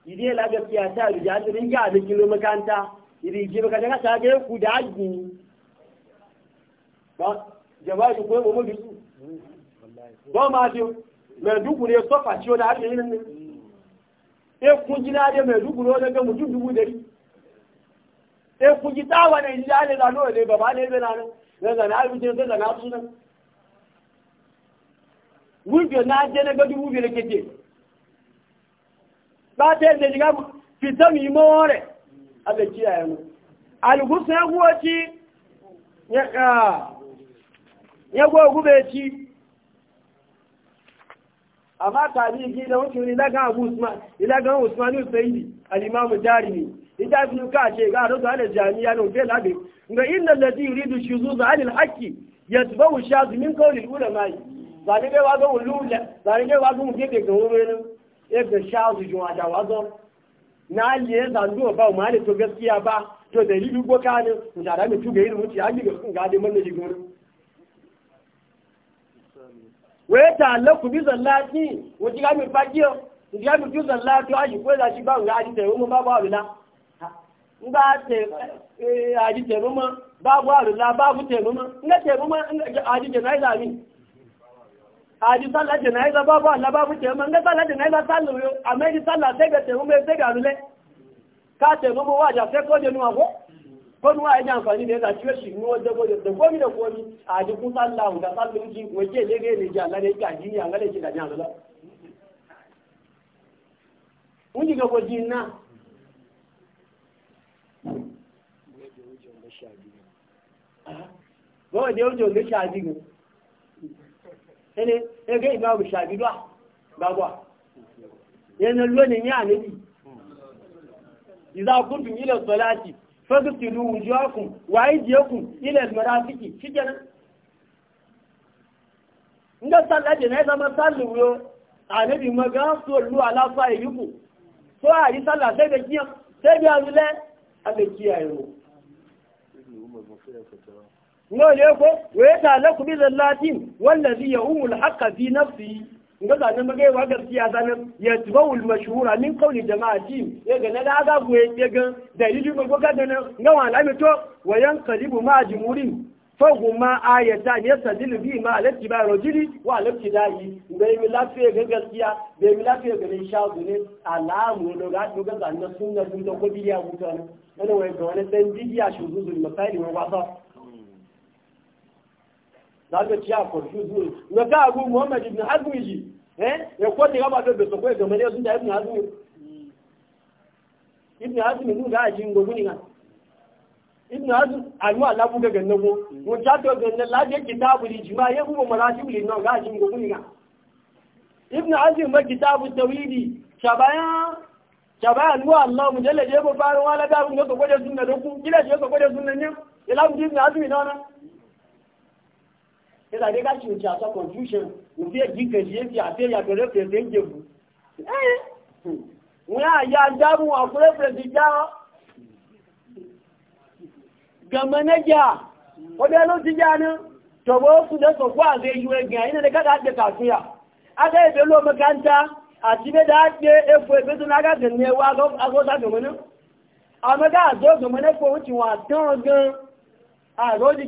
ide la gaskiya ta rijal din ga da kilo makanta iri ji baka daga ta ga ku da aji ba jawabi ko mu mu su ba ma dio maiduguri ya sofa ciwo da harshe yinin ne e kun ji na dai maiduguri wani ga mutum dubu dari e kun ji tawa ne ji ale zano ne baba ne bena nan na zana abinci na zana su nan wulbe na je na ga dubu biyar kete ba ta yadda shiga fita mu yi mawane a ga kiyaye mu algusa ya guwaci ah, ya gwa gube ci amma tabi'i da wato ne daga Abu Usman ila ga Usman Usaidi al-Imam Darimi ita ibn ka ce ga rusu ala jami'a no be labe ga innal ladhi yuridu shuzuz ala al wu yatba'u shaz min qawli al-ulama zani be wa ga ulula zani be wa ga mu gebe ga wuri ne e ga shaz juwa da wa ga na liye zanduwa ba ma ne to gaskiya ba to dalilu boka ne da da mu tuga irin mutu ya sun ga da manne jigorin wee ta alaku bi zallati wuti ga mi fakiyo wuti ga mi fi zallati aji ko da shi ba ga aji te mu ba ba wala nga te e, aji te mu ba ba wala ba bu te mu nga te mu aji te nai zami aji sallah te nai ba ba wala ba bu te mu nga sallah te nai ba sallu yo amma ji sallah sai ga te mu sai ga rule ka te mu wa ja sai ko je nu ko ko nuwa ya ji amfani da ya cikin shi nuwa dabo da komi da komi a jikin sallah da sallin ji wace ne ne ne ji Allah ne ka ji ya ngale ki da jan Allah mun ji ga ko ji na go de ojo le shaji go ene e ga ba bu shaji do ba ba yana lo ne ya ne bi idza yi ila salati fagsilu wujuhakum wa aydiyakum ila almarafiqi shikenan inda sallah je na zama sallu yo anabi maga so lu ala fa yiku so a yi sallah sai da kiyan sai da azule a da kiyayo no le ko wa ta lakum bil latin wallazi ya'umul haqqa fi nafsihi nga za nan magai wa gaskiya sanan ya tuba ul mashhura min qawli jama'ati ya ga na da ga goye ya ga dalili ma goga da na nga wa lami to wa yanqalibu ma jumurin fa huma ayatan yastadilu bi ma alati ba rajuli wa alati yi nga mi lafiya ga gaskiya da mi lafiya ga insha gune alamu no ga to ga nan sunna sun da ko biya mutane ana wai ga wani dan bidiya shuzuzul masaili wa kwasa. láti tí a kọ̀ ṣúgbù rẹ̀ káàrù mohamed ibn hazmi yìí eh? ẹ̀kọ́ ti rábà tó bèsò pé ìgbẹ̀mẹ̀lẹ́ ọdún ibn hazmi ibn hazmi ní ìdá àjí ngogun nìyà ibn hazmi àyún alábú gẹ̀gẹ̀ náwó mo ibn hazmi na ibn yadda dai gashi wuce a sa confusion wufi ya jinka shi yake a fiye ya ga reference yanke bu wọ́n yá ya dámú àkúrẹ́ pẹ̀lú já gàmọ́nẹ́jà ọdẹ́ ló ti já ní tọ̀wọ́ fúnlẹ̀ sọ̀pọ̀ àti eyu ẹgbẹ̀ àyínà ní káàkiri àti kàfíà agẹ́ ìbẹ̀ ló mẹ́kántá àti mẹ́dá pé efo ìbẹ̀ tó lágàgẹ̀ ní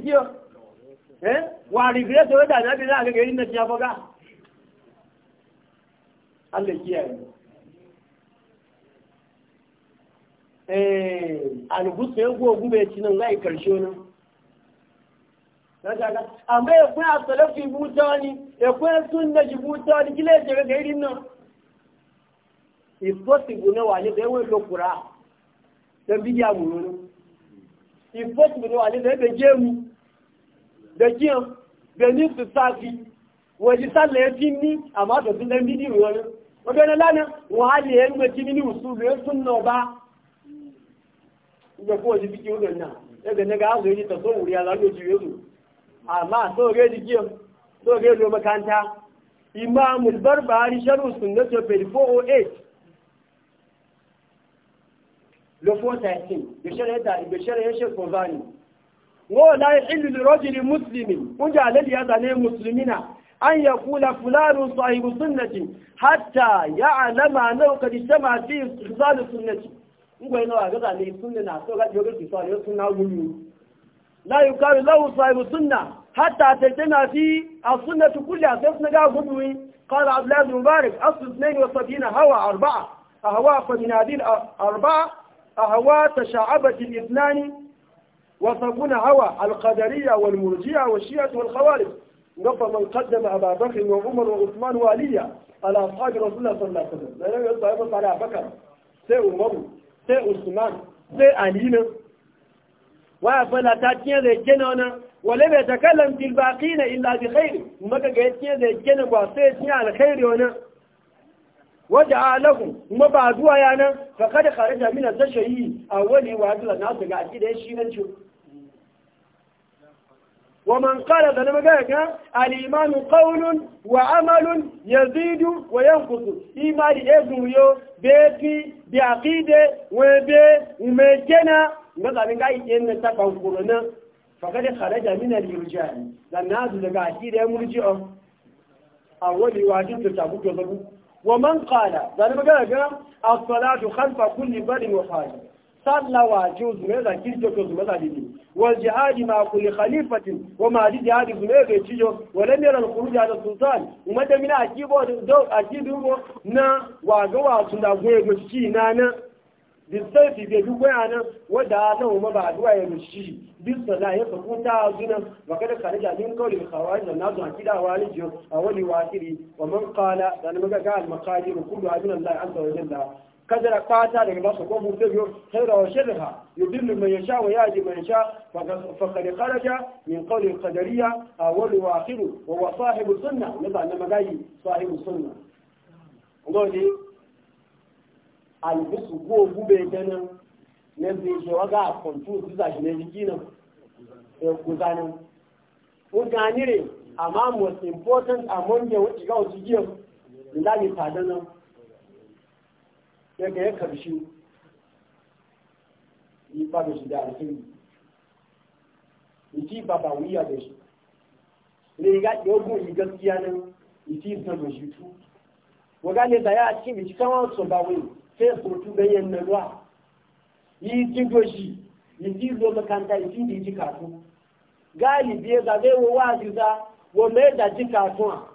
eh wa regret da na bi za ga garin da ya faga Allah kiyaye eh an gusa na gube ci nan zai karshe nan amma ya kuna a salafi buta wani ya sun sunna ji buta wani kila ya shiga gairin nan ìfọ́sìgbò náà wa níbẹ̀ wọ́n ló kura lọ́bí yà na ìfọ́sìgbò náà wà níbẹ̀ ẹgbẹ̀ jẹ́ mu da kiyan su safi waje sallah ya fi amma da sun ɗan bidiyo wani wajen na lana wahali ya yi mace mini wasu su ya sun nau ba da ko ji fiki wajen nan daga ne ga hazo ya ta wuri a ji amma so ga kiyan so ga makanta imamul barbari sharu le 413 le shari'a da ولا يحل لرجل مسلم وجاء الذي هذا مسلمين أن يقول فلان صاحب سنة حتى يعلم أنه قد اجتمع فيه خصال سنة نقول إنه هذا لي سنة نعم، سوغت يقول خصال سنة لا يقال له صاحب سنة حتى تجتمع فيه السنة كلها سنة قال قال عبد الله المبارك أصل 72 هوى أربعة أهواء فمن هذه الأربعة أهواء تشعبت الاثنان وصفون عوى القدرية والمرجئة والشيعة والخوارج نقف من قدم أبا بكر وعمر وعثمان وعليا على أصحاب رسول الله صلى الله عليه وسلم لا يصبح يبص على بكر سي عمر سي عثمان سي علينا وفلا تاتين ذي جنونا ولم يتكلم في الباقين إلا بخير وما قلتين ذي جنب وصيتين على خير هنا وجعلهم وما بعدوا يعني فقد خرج من التشهي أولي وعدل الناس قاعد كده شيئا شو ومن قال ذنب ذلك الإيمان قول وعمل يزيد وينقص إيمان يزم يو بيكي بعقيدة وبي ومجنة مثلا قاي إن تكون قرنا فقد خرج من الرجال لأن هذا لقى عقيدة مرجع أول واجب تتابق ومن قال ذنب ذلك الصلاة خلف كل بر وحاجة sallah wa ju zume da kirjo to zume da dini wal jihadi ma kulli khalifatin wa ma di jihadi zume ga cijo wala ne ran khuruj ala sultan kuma da mina akibo do akibo na wa ga wa sun da goye go ci na na bisaifi bai na wa da ana umar ba aduwa ya rushi bisa da ya faku ta zunan ba kada kare jami'in kawai da kawai da nazo a kida wa alijiyar a wani wasiri wa man kala da na ga al-makali da kullu abin Allah an tsawo da kadara fata daga masu su ko mu da washe khaira wa sharriha yudillu man yasha wa yahdi man yasha sha, qad kharaja min qawli al-qadariyya awwal wa akhir wa huwa sahibu sunnah na ba na magayi sahibu sunnah ngodi albisu ko gube ganin na zai shewa ga a kontu zuza shi na jiki nan e kuzani re amma most important among the what you go to give in that daga ya karshe yi ba shi da alfin iti ba ba wuya da shi ne ga yogun yi gaskiya nan iti ta da shi tu waga ne da ya ci mai cikin wasu ba wuyi sai su tu ganyen na ruwa yi ti doshi yi ti zo makanta yi ti di ji kasu galibi ya zabe wa wa wa mai da ji kasuwa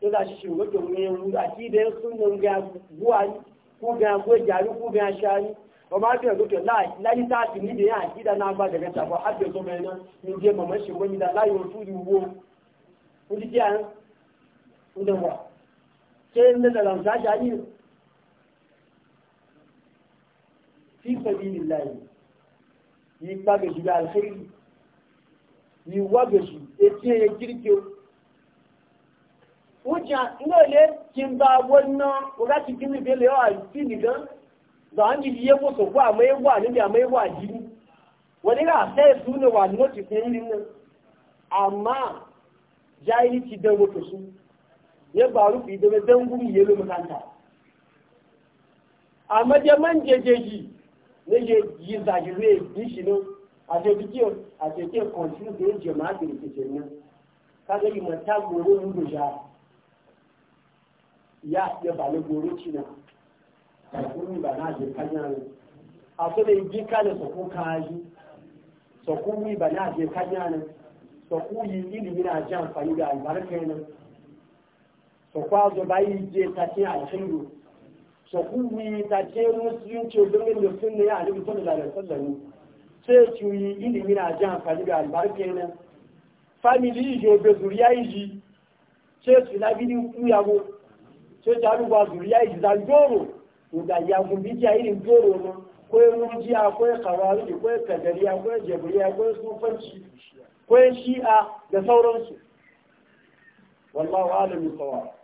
tó dáṣe ṣe ìwé tòun ní ewu a ilẹ̀ súnmọ́ gbúwárí kú gan gbé jàrí kú gan ṣáárí ọmọ abẹ́rẹ̀ lókè láyé táàtì níbi yẹn àti ìdáná agbájẹ̀gẹ́ tàbọ̀ ábẹ́sọ mẹ́rin náà ní jẹ́ mọ̀mọ́ ṣe wọ́n nílá da oṣù ìwó ojú jẹ́ àrùn ń dẹ̀ wà ṣé ń lẹ́sẹ̀ lọ́n sáṣà yìí fi pẹ̀lú ìlànà yi wa láàrín yìí wágẹ̀jù etí ẹ̀yẹ kíríkì wucha ndị ole ji mba agbo nnọ ụgachi ọha si nigan ndị ji ihe kwụsọ kwa ama egwu a ndị ama egwu a wani ga wa noti fi nri nan amma su ba dan lo makanta amma je man ne je ji re shi no a je dikiyo a je ke continue da jama'a yi ya ya ba le goro ci na ta ni ba na je kanya ne a so da yi kale so ka kaji so ku mi ba na je kanya ne so ku yi ilimi na ji amfani da albarka ne so kwa zo ba yi je ta ce alheri so ku mi ta ce musulunci domin da sunna ya alaihi sallallahu alaihi wasallam sai ci yi ilimi na ji amfani da albarka ne family yi je be zuriya yi ji sai su labiri ku so ta ruwa zuriya izan doro da ya gumbi ja irin doro ne ko murjiya ko kawari ko kadariya ko jabriya ko sufanci ko shi'a da sauransu wallahu alamu sawab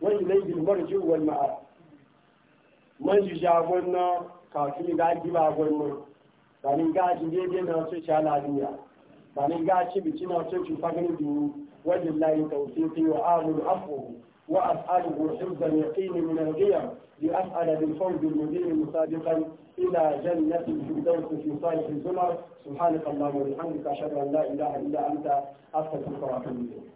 wa ilayhi al-marji wal ma'ar man ji jagon na kafin ga giba gwanno sanin ga ji daidai na so sha lafiya sanin ga ci bici na so ci fagin duru wajen layin tausifi wa amuru afuwa وأسأله حفظ اليقين من القيم لأسأل بالفوز المدير مسابقا إلى جنة الفردوس في صالح الزمر سبحانك اللهم وبحمدك أشهد أن لا إله إلا أنت أستغفرك وأتوب إليك